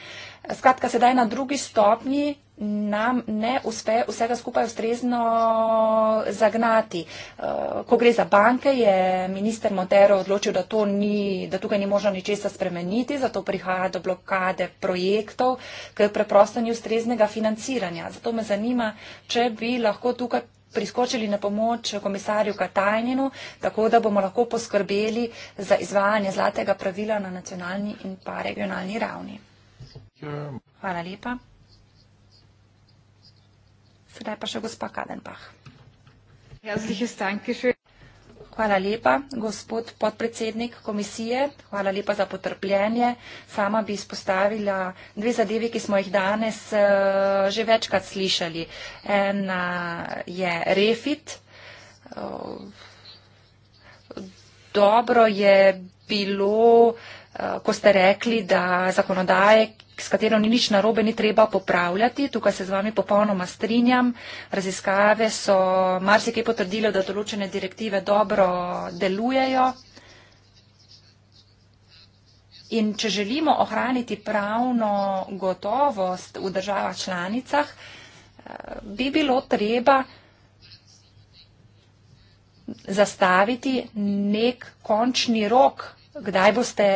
Skratka, sedaj na drugi stopnji nam ne uspe vsega skupaj ustrezno zagnati. Eh, ko gre za banke, je minister Montero odločil, da, ni, da tukaj ni možno ničesa spremeniti, zato prihaja do blokade projektov, ker preprosto ni ustreznega financiranja. Zato me zanima, če bi lahko tukaj priskočili na pomoč komisarju Katajninu, tako da bomo lahko poskrbeli za izvajanje zlatega pravila na nacionalni in pa regionalni ravni. Hvala lepa. Sedaj pa še gospa Kadenbach. Herzliches Dankeschön. Hvala lepa, gospod podpredsednik komisije, hvala lepa za potrpljenje. Sama bi izpostavila dve zadevi, ki smo jih danes uh, že večkrat slišali. Ena je refit. Eh, dobro je bilo, uh, ko ste rekli, da zakonodaje, s katero ni nič narobe, ni treba popravljati. Tukaj se z vami popolnoma strinjam. Raziskave so marsikaj potrdile, da določene direktive dobro delujejo. In če želimo ohraniti pravno gotovost v državah članicah, bi bilo treba zastaviti nek končni rok, kdaj boste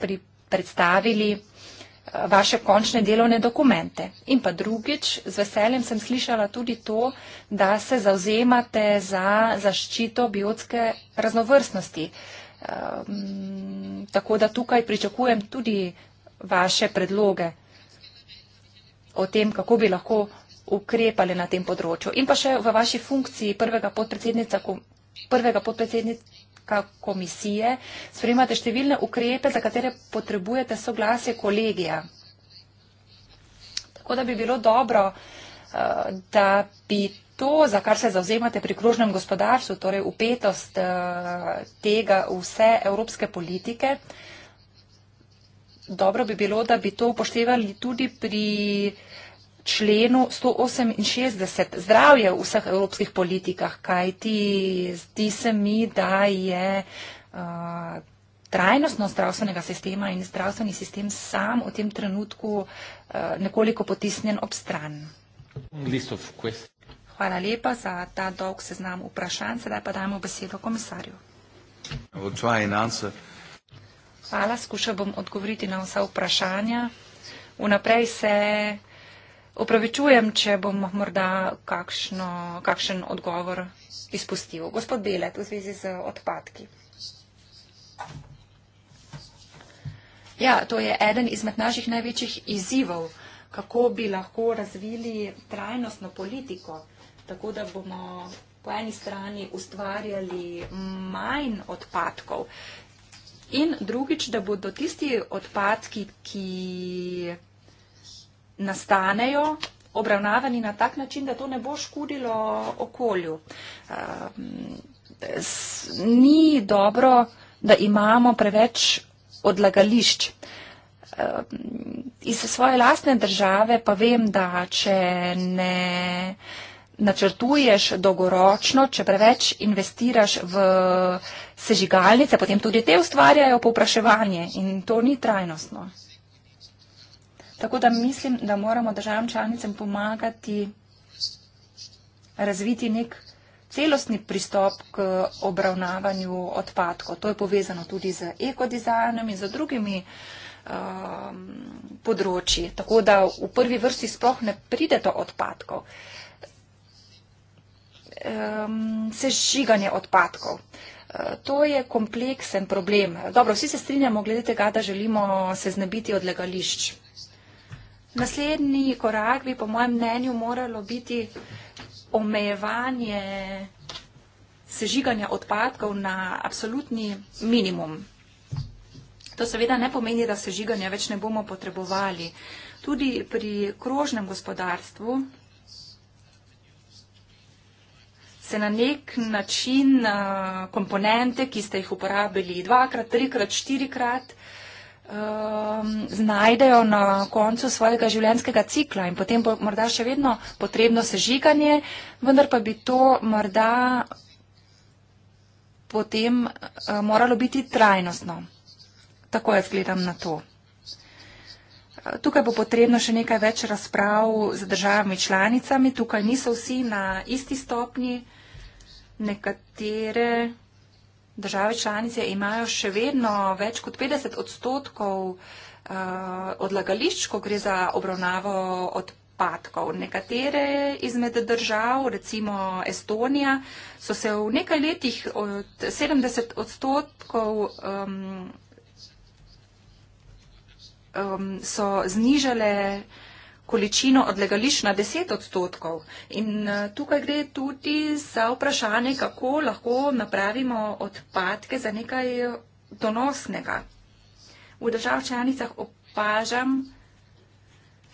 pri predstavili vaše končne delovne dokumente. In pa drugič, z veseljem sem slišala tudi to, da se zauzemate za zaščito biotske raznovrstnosti. Ehm, tako da tukaj pričakujem tudi vaše predloge o tem, kako bi lahko ukrepali na tem področju. In pa še v vaši funkciji prvega podpredsednika, prvega podpredsednika predsednika komisije, sprejmate številne ukrepe, za katere potrebujete soglasje kolegija. Tako da bi bilo dobro, eh, da bi to, za kar se zauzemate pri kružnem gospodarstvu, torej upetost eh, tega vse evropske politike, dobro bi bilo, da bi to upoštevali tudi pri členu 168 zdravje v vseh evropskih politikah, kaj ti zdi se mi, da je trajnostno zdravstvenega sistema in zdravstveni sistem sam v tem trenutku nekoliko potisnjen ob stran. Hvala lepa za ta dolg seznam vprašanj. Sedaj pa dajmo besedo komisarju. Hvala, skušal bom odgovoriti na vsa vprašanja. Vnaprej se Opravičujem, če bom morda kakšno, kakšen odgovor izpustil. Gospod Belet, v zvezi z odpadki. Ja, to je eden izmed naših največjih izzivov, kako bi lahko razvili trajnostno politiko, tako da bomo po eni strani ustvarjali manj odpadkov in drugič, da bodo tisti odpadki, ki nastanejo, obravnavani na tak način, da to ne bo škodilo okolju. Ehm, ni dobro, da imamo preveč odlagališč. Ehm, iz svoje lastne države pa vem, da če ne načrtuješ dolgoročno, če preveč investiraš v sežigalnice, potem tudi te ustvarjajo povpraševanje in to ni trajnostno. Tako da mislim, da moramo državam članicam pomagati razviti nek celostni pristop k obravnavanju odpadkov. To je povezano tudi z ekodizajnom in z drugimi um, področji. Tako da v prvi vrsti sploh ne pride do odpadkov. Um, sežiganje odpadkov. Uh, to je kompleksen problem. Dobro, vsi se strinjamo glede tega, da želimo se znebiti odlegališč. Naslednji korak bi, po mojem mnenju, moralo biti omejevanje sežiganja odpadkov na absolutni minimum. To seveda ne pomeni, da sežiganja več ne bomo potrebovali. Tudi pri krožnem gospodarstvu se na nek način komponente, ki ste jih uporabili dvakrat, trikrat, štirikrat, um, znajdejo na koncu svojega življenjskega cikla in potem bo morda še vedno potrebno sežiganje, vendar pa bi to morda potem uh, moralo biti trajnostno. Tako jaz gledam na to. Uh, tukaj bo potrebno še nekaj več razprav z državami članicami. Tukaj niso vsi na isti stopni. Nekatere države članice imajo še vedno več kot 50 odstotkov eh, odlagališč, ko gre za obravnavo odpadkov. Nekatere izmed držav, recimo Estonija, so se v nekaj letih od 70 odstotkov so znižale odlagališč, količino odlegališč na 10 odstotkov. In eh, tukaj gre tudi za vprašanje, kako lahko napravimo odpadke za nekaj eh, donosnega. V držav članicah opažam,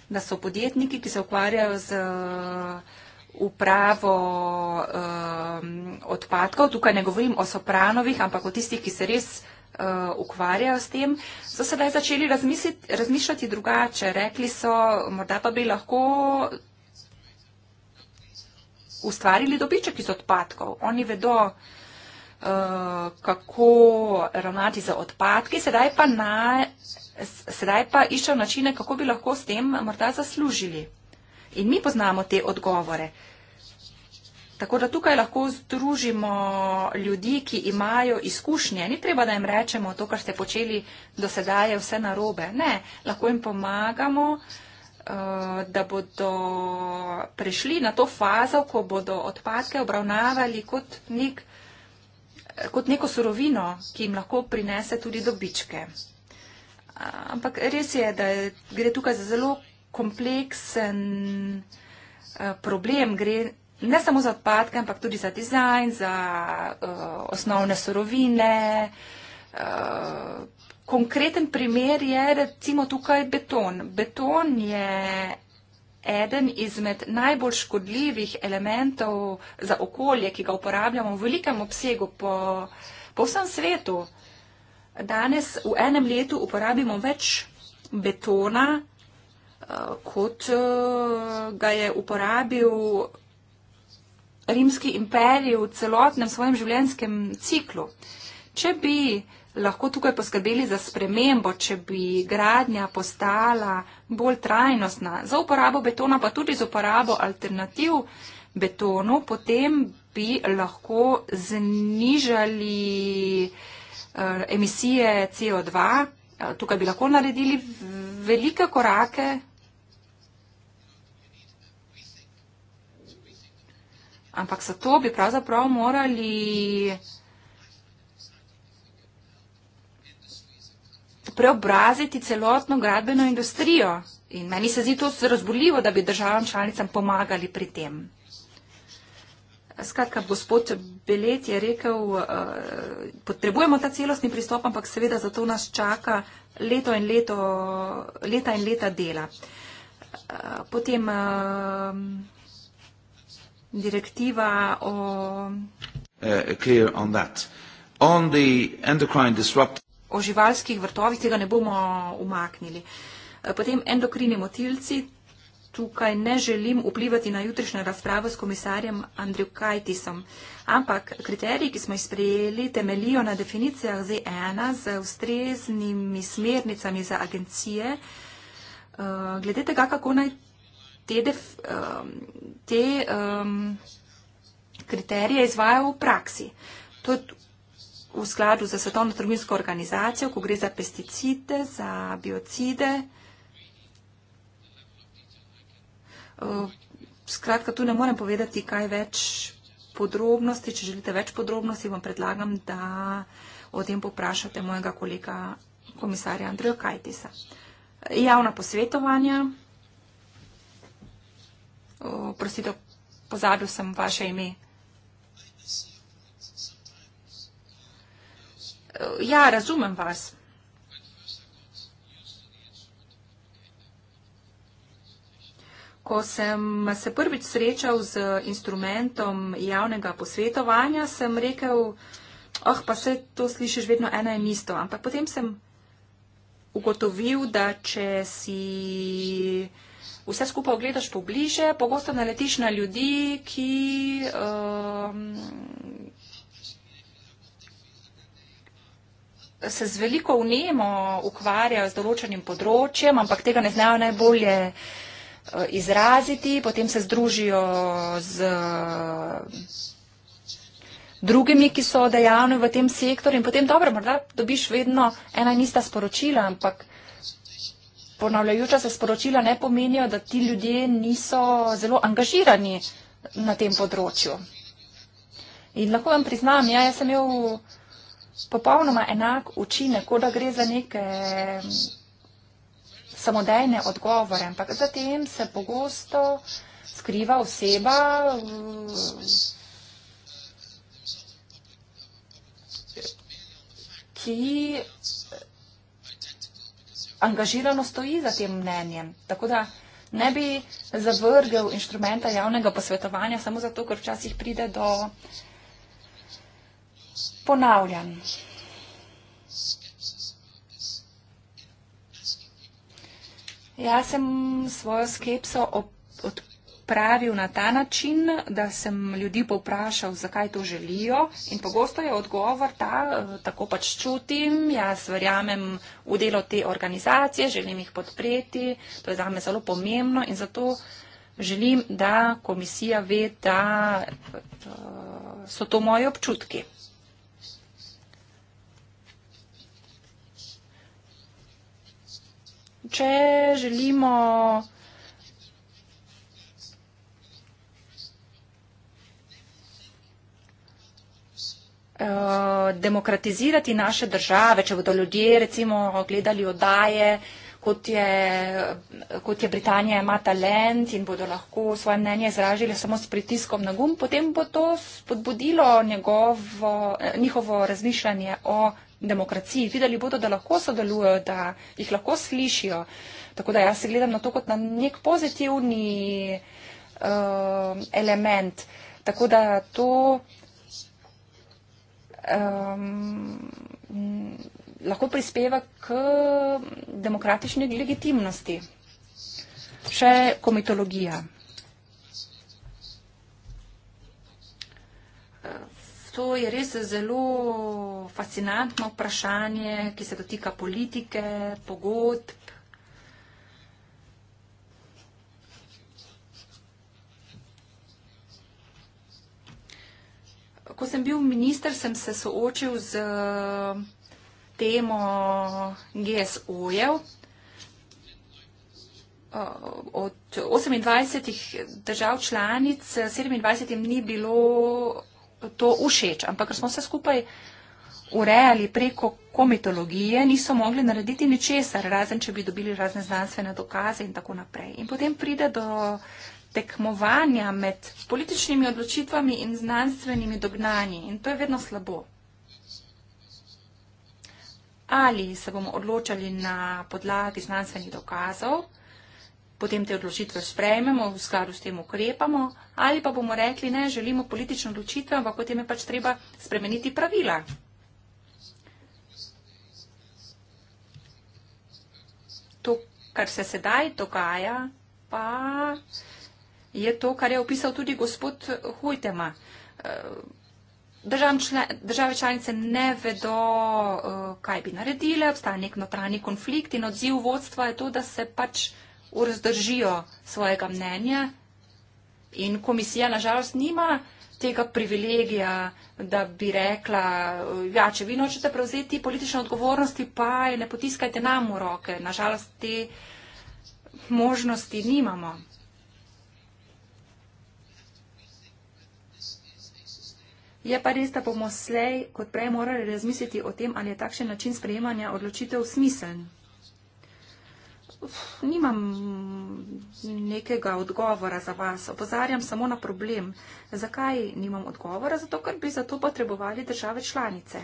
da so podjetniki, ki se ukvarjajo z eh, upravo um, odpadkov, tukaj ne govorim o sopranovih, ampak o tistih, ki se res Eh, ukvarjajo s tem, so sedaj začeli razmišljati drugače. Rekli so, morda pa bi lahko ustvarili dobiček iz odpadkov. Oni vedo, eh, kako ravnati za odpadki, sedaj pa, na, sedaj pa iščejo načine, kako bi lahko s tem morda zaslužili. In mi poznamo te odgovore. Uh, Tako da tukaj lahko združimo ljudi, ki imajo izkušnje. Ni treba, da jim rečemo, to, kar ste počeli do sedaj, je vse narobe. Ne, lahko jim pomagamo, eh, da bodo prišli na to fazo, ko bodo odpadke obravnavali kot, nek, kot neko surovino, ki jim lahko prinese tudi dobičke. Ampak res je, da gre tukaj za zelo kompleksen eh, problem. Gre, ne samo za odpadke, ampak tudi za dizajn, za uh, osnovne sorovine. Uh, eh, konkreten primer je recimo tukaj beton. Beton je eden izmed najbolj škodljivih elementov za okolje, ki ga uporabljamo v velikem obsegu po, po vsem svetu. Danes v enem letu uporabimo več betona, eh, kot ga je uporabil rimski imperij v celotnem svojem življenjskem ciklu. Če bi lahko tukaj poskrbeli za spremembo, če bi gradnja postala bolj trajnostna za uporabo betona, pa tudi za uporabo alternativ betonu, potem bi lahko znižali eh, emisije CO2. Tukaj bi lahko naredili velike korake Ampak za to bi pravzaprav morali preobraziti celotno gradbeno industrijo. In meni se zdi to razboljivo, da bi državam članicam pomagali pri tem. Skratka, gospod Belet je rekel, uh, potrebujemo ta celostni pristop, ampak seveda zato nas čaka leto in leto, leta in leta dela. Uh, potem. Uh, direktiva o. Uh, On o živalskih vrtovih tega ne bomo umaknili. Eh, potem endokrini motilci. Tukaj ne želim vplivati na jutrišnjo razpravo s komisarjem Andrew Kajtisom, ampak kriteriji, ki smo jih sprejeli, temelijo na definicijah Z1 z ustreznimi smernicami za agencije. Eh, glede tega, kako naj te, def, um, te um, kriterije izvajajo v praksi. To je v skladu za svetovno trgovinsko organizacijo, ko gre za pesticide, za biocide. Uh, skratka, tu ne morem povedati kaj več podrobnosti. Če želite več podrobnosti, vam predlagam, da o tem poprašate mojega kolega komisarja Andreja Kajtisa. Javna posvetovanja. Oprostite, pozabil sem vaše ime. Ja, razumem vas. Ko sem se prvič srečal z instrumentom javnega posvetovanja, sem rekel, oh, pa se to slišiš vedno ena in isto. Ampak potem sem ugotovil, da če si vse skupaj ogledaš pobliže, pogosto naletiš na ljudi, ki. Uh, se z veliko vnemo ukvarjajo z določenim področjem, ampak tega ne znajo najbolje eh, izraziti, potem se združijo z eh, drugimi, ki so dejavni v tem sektorju in potem dobro, morda dobiš vedno ena in ista sporočila, ampak ponavljajoča se sporočila ne pomenijo, da ti ljudje niso zelo angažirani na tem področju. In lahko vam priznam, ja, jaz sem imel popolnoma enak učinek, kot da gre za neke mm, samodejne odgovore, ampak zatem se pogosto skriva oseba, mm, ki angažirano stoji za tem mnenjem. Tako da ne bi zavrgel inštrumenta javnega posvetovanja samo zato, ker včasih pride do ponavljanj. Jaz sem svojo skepso odprl pravil na ta način, da sem ljudi povprašal, zakaj to želijo in pogosto je odgovor ta, eh, tako pač čutim, jaz verjamem v delo te organizacije, želim jih podpreti, to je zame zelo pomembno in zato želim, da komisija ve, da eh, so to moje občutki. Če želimo Eh, demokratizirati naše države, če bodo ljudje recimo gledali odaje, kot je, kot je Britanija ima talent in bodo lahko svoje mnenje izražili samo s pritiskom na gum, potem bo to spodbudilo njegovo, eh, njihovo razmišljanje o demokraciji. Videli bodo, da lahko sodelujejo, da jih lahko slišijo. Tako da jaz se gledam na to kot na nek pozitivni uh, element. Tako da to um, lahko prispeva k demokratični legitimnosti. Še komitologija. To je res zelo fascinantno vprašanje, ki se dotika politike, pogodb, ko sem bil minister, sem se soočil z temo GSO-jev. Od 28 držav članic, 27 jim ni bilo to všeč, ampak smo se skupaj urejali preko komitologije, niso mogli narediti ničesar, razen če bi dobili razne znanstvene dokaze in tako naprej. In potem pride do uh, tekmovanja med političnimi odločitvami in znanstvenimi dognanji in to je vedno slabo. Ali se bomo odločali na podlagi znanstvenih dokazov, potem te odločitve sprejmemo, v skladu s tem ukrepamo, ali pa bomo rekli, ne, želimo politično odločitve, ampak potem je pač treba spremeniti pravila. To, kar se sedaj dogaja, pa je to, kar je opisal tudi gospod Hojtema. Eh, države članice ne vedo, eh, kaj bi naredile, obstaja nek notranji konflikt in odziv vodstva je to, da se pač urzdržijo svojega mnenja in komisija nažalost nima tega privilegija, da bi rekla, ja, če vi nočete prevzeti politične odgovornosti, pa ne potiskajte nam v roke. Nažalost, te možnosti nimamo. Je pa res, da bomo slej kot prej morali razmisliti o tem, ali je takšen način sprejemanja odločitev smiseln. Nimam nekega odgovora za vas. Opozarjam samo na problem. Zakaj nimam odgovora? Zato, ker bi za to potrebovali države članice.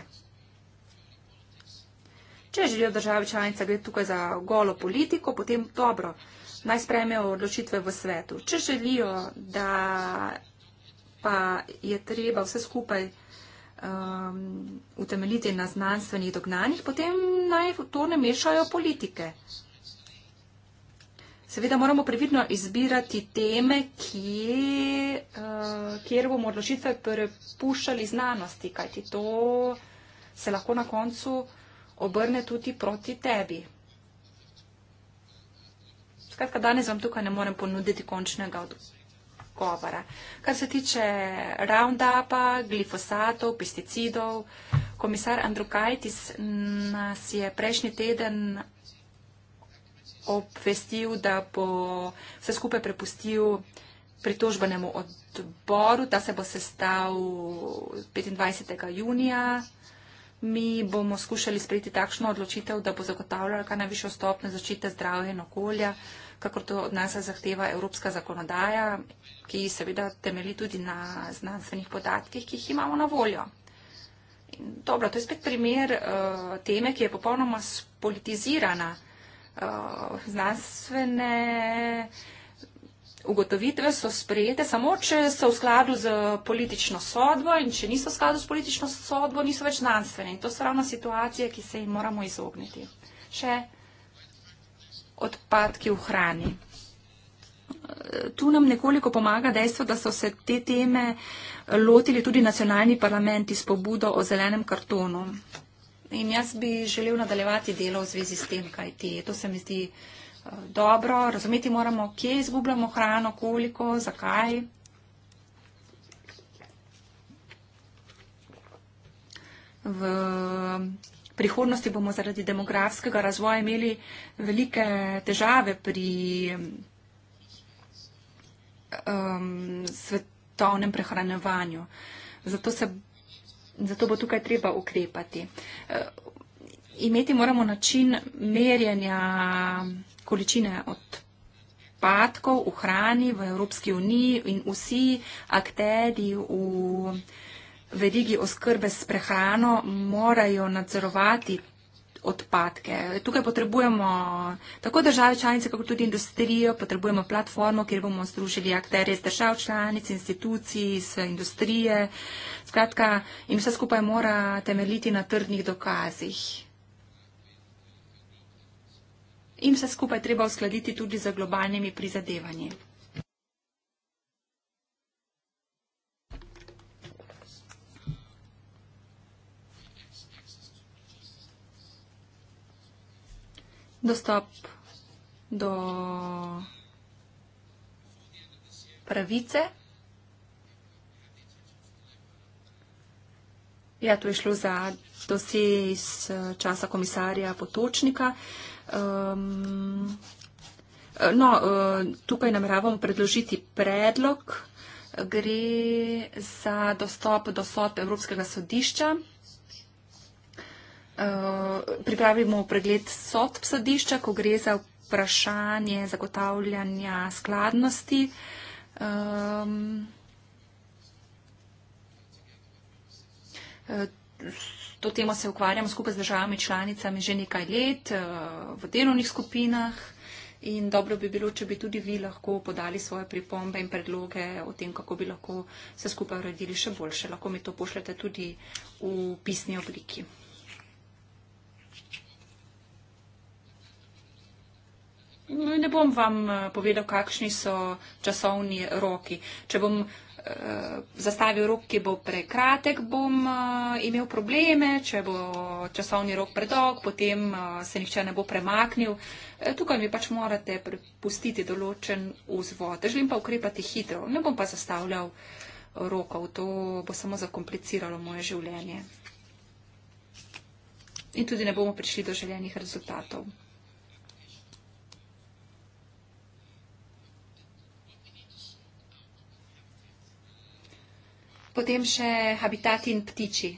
Če želijo države članice, gre tukaj za golo politiko, potem dobro, naj spremejo odločitve v svetu. Če želijo, da pa je treba vse skupaj um, utemeljiti na znanstvenih dognanjih, potem naj to ne mešajo politike. Seveda moramo previdno izbirati teme, kje, uh, kjer bomo odločitve prepuščali znanosti, kajti to se lahko na koncu obrne tudi proti tebi. Skratka, danes vam tukaj ne morem ponuditi končnega odgovora govora. Kar se tiče Roundupa, glifosatov, pesticidov, komisar Andrukaitis nas je prejšnji teden obvestil, da bo vse skupaj prepustil pritožbenemu odboru, da se bo sestal 25. junija. Mi bomo skušali sprejeti takšno odločitev, da bo zagotavljala kar najvišjo stopnjo zaščite zdravja in okolja kakor to od nas zahteva evropska zakonodaja, ki seveda temeli tudi na znanstvenih podatkih, ki jih imamo na voljo. In dobro, to je spet primer uh, teme, ki je popolnoma spolitizirana. Uh, znanstvene ugotovitve so sprejete samo, če so v skladu z politično sodbo in če niso v skladu s politično sodbo, niso več znanstvene. In to so ravno situacije, ki se jim moramo izogniti. Še odpadki v hrani. Tu nam nekoliko pomaga dejstvo, da so se te teme lotili tudi nacionalni parlamenti s pobudo o zelenem kartonu. In jaz bi želel nadaljevati delo v zvezi s tem, kaj ti. To se mi zdi eh, dobro. Razumeti moramo, kje izgubljamo hrano, koliko, zakaj. V prihodnosti bomo zaradi demografskega razvoja imeli velike težave pri um, svetovnem prehranevanju. Zato, se, zato bo tukaj treba ukrepati. Uh, imeti moramo način merjanja količine odpadkov v hrani v Evropski uniji in vsi akteri v verigi oskrbe s prehrano morajo nadzorovati odpadke. Tukaj potrebujemo tako države članice, kako tudi industrijo, potrebujemo platformo, kjer bomo združili akterje z držav članic, institucij, z industrije. Skratka, in vse skupaj mora temeljiti na trdnih dokazih. In vse skupaj treba uskladiti tudi za globalnimi prizadevanji. dostop do pravice. Ja, tu je šlo za dosje iz eh, časa komisarja Potočnika. Um, no, eh, tukaj nameravamo predložiti predlog. Gre za dostop do sod Evropskega sodišča. Eh, pripravimo pregled sodb sodišča, ko gre za vprašanje zagotavljanja skladnosti. Um, to temo se ukvarjamo skupaj z državami članicami že nekaj let eh, v delovnih skupinah in dobro bi bilo, če bi tudi vi lahko podali svoje pripombe in predloge o tem, kako bi lahko se skupaj uredili še boljše. Lahko mi to pošljete tudi v pisni obliki. ne bom vam eh, povedal, kakšni so časovni roki. Če bom uh, zastavil rok, ki bo prekratek, bom uh, imel probleme. Če bo časovni rok predolg, potem uh, se nihče ne bo premaknil. E, tukaj mi pač morate pustiti določen vzvod. Želim pa ukrepati hitro. Ne bom pa zastavljal rokov. To bo samo zakompliciralo moje življenje. In tudi ne bomo prišli do željenih rezultatov. Potem še habitati in ptiči.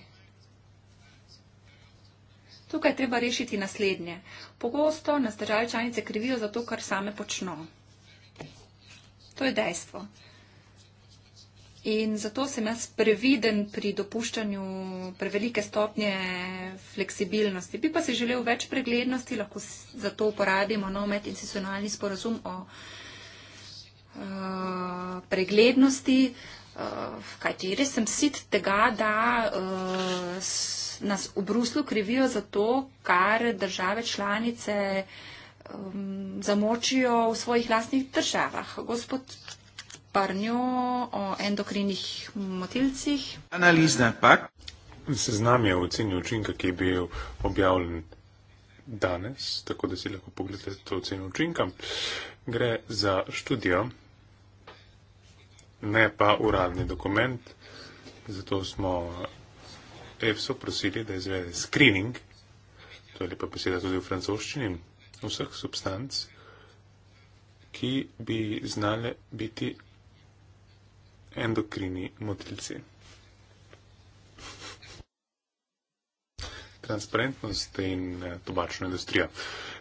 Tukaj je treba rešiti naslednje. Pogosto nas države članice krivijo za to, kar same počno. To je dejstvo. In zato sem jaz previden pri dopuščanju prevelike stopnje fleksibilnosti. Bi pa si želel več preglednosti, lahko za to uporabimo nov medinstitucionalni sporazum o uh, preglednosti. Uh, Eh, kajti res sem sit tega, da eh, nas v Bruslu krivijo za to, kar države članice zamočijo v svojih lastnih državah. Gospod Parnjo o endokrinih motilcih. Analiza pa. Seznam je ocenil učinka, ki je bil objavljen danes, tako da si lahko pogledate to oceno učinka. Gre za študijo, ne pa uradni dokument. Zato smo EFSO prosili, da izvede screening, to je lepa beseda tudi v francoščini, vseh substanc, ki bi znale biti endokrini motilci. Transparentnost in eh, tobačna industrija.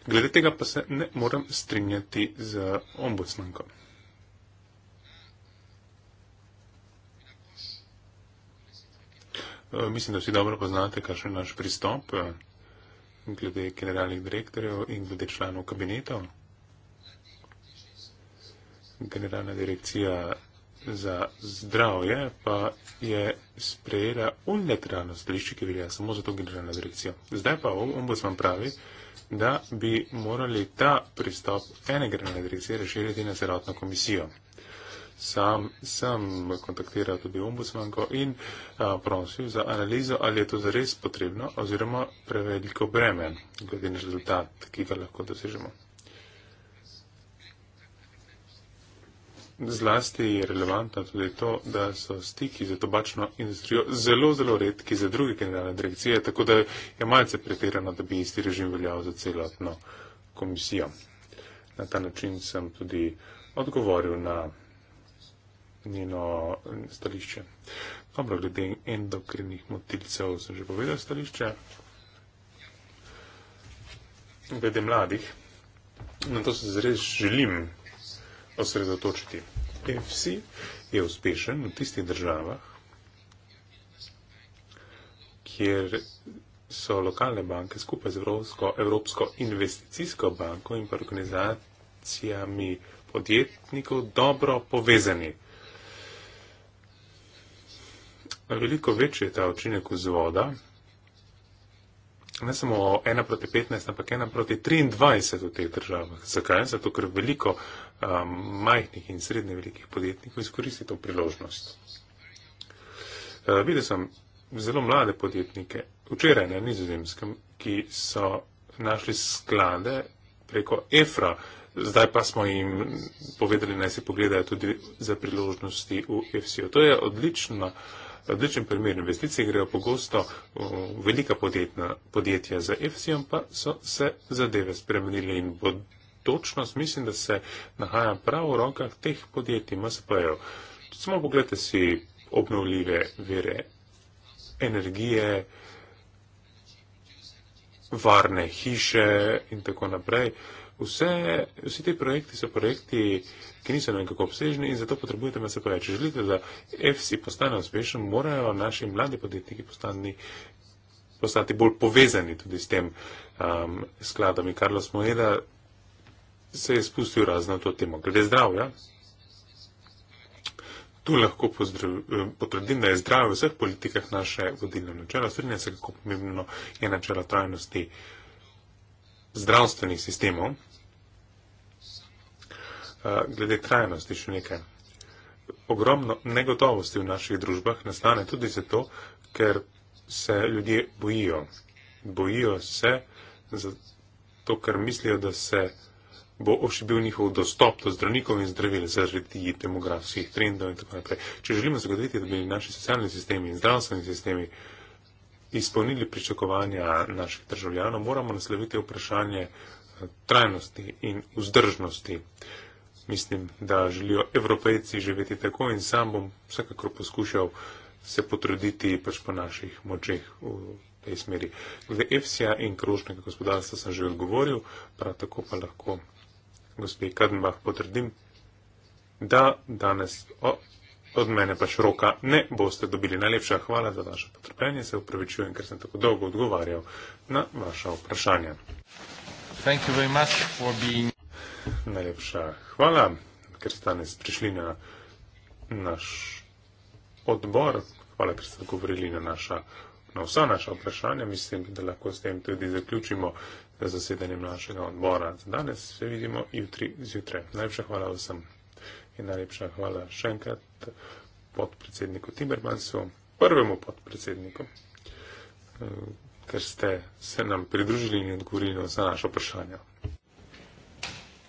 Glede tega pa se ne morem strinjati z ombudsmankom. Eh, mislim, da vsi dobro poznate, kakšen je naš pristop eh, glede generalnih direktorjev in glede članov kabinetov. Generalna direkcija za zdravje pa je sprejela unilateralno stališče, ki velja samo za to generalno direkcijo. Zdaj pa ombudsman pravi, da bi morali ta pristop ene generalne direkcije razširiti na celotno komisijo sam, sem kontaktiral tudi ombudsmanko in a, prosil za analizo, ali je to zares potrebno oziroma preveliko breme, glede na rezultat, ki ga lahko dosežemo. Zlasti je relevantno tudi to, da so stiki za tobačno industrijo zelo, zelo redki za druge generalne direkcije, tako da je malce pretirano, da bi isti režim veljal za celotno komisijo. Na ta način sem tudi odgovoril na njeno stališče. Dobro, glede endokrinih motilcev sem že povedal stališče. Glede mladih, na to se zres želim osredotočiti. FC je uspešen v tistih državah, kjer so lokalne banke skupaj z Evropsko, Evropsko investicijsko banko in pa organizacijami podjetnikov dobro povezani. veliko večji je ta učinek vzvoda. Ne samo 1 proti 15, ampak 1 proti 23 v teh državah. Zakaj? Zato, ker veliko um, majhnih in srednje velikih podjetnikov izkoristi to priložnost. Uh, videl sem zelo mlade podjetnike, včeraj na nizozemskem, ki so našli sklade preko EFRA, zdaj pa smo jim povedali, naj si pogledajo tudi za priložnosti v EFSIO. To je odlična uh, Različen primer investicij grejo pogosto v velika podjetna, podjetja za EFSI-om, pa so se zadeve spremenile in bodočnost mislim, da se nahaja prav v rokah teh podjetij MSP-jev. Samo pogledajte si obnovljive vere energije, varne hiše in tako naprej vse, vsi ti projekti so projekti, ki niso nekako obsežni in zato potrebujete me se pravi. Če želite, da EFSI postane uspešen, morajo naši mladi podjetniki postani, postati bolj povezani tudi s tem um, skladom. In Karlos Moeda se je spustil razno to temo. Glede zdravja. Tu lahko eh, potrdim, da je zdravje v vseh politikah naše vodilno načelo. Strinja se, kako pomembno je načelo trajnosti. Uh, zdravstvenih sistemov. Eh, glede trajnosti še nekaj. Ogromno negotovosti v naših družbah nastane tudi zato, ker se ljudje bojijo. Bojijo se zato, ker mislijo, da se bo ošibil njihov dostop do zdravnikov in zdravil zaradi demografskih trendov in tako naprej. Če želimo zagotoviti, da bi naši socialni sistemi in zdravstveni sistemi uh, izpolnili pričakovanja naših državljanov, moramo nasloviti vprašanje eh, trajnosti in vzdržnosti. Mislim, da želijo evropejci živeti tako in sam bom vsekakor poskušal se potruditi pač po naših močeh v tej smeri. Glede EFSI-ja in krožnega gospodarstva sem že odgovoril, prav tako pa lahko gospe Kadenbach potrdim, da danes Od mene pač roka ne boste dobili. Najlepša hvala za vaše potrpljenje. Se upravičujem, ker sem tako dolgo odgovarjal na vaša vprašanja. Being... Najlepša hvala, ker ste danes prišli na naš odbor. Hvala, ker ste odgovorili na, naša, na vsa naša vprašanja. Mislim, da lahko s tem tudi zaključimo zasedanje našega odbora. Za danes se vidimo jutri zjutraj. Najlepša hvala vsem in najlepša hvala še enkrat podpredsedniku Timmermansu, prvemu podpredsedniku, eh, ker ste se nam pridružili in odgovorili na vsa naša vprašanja.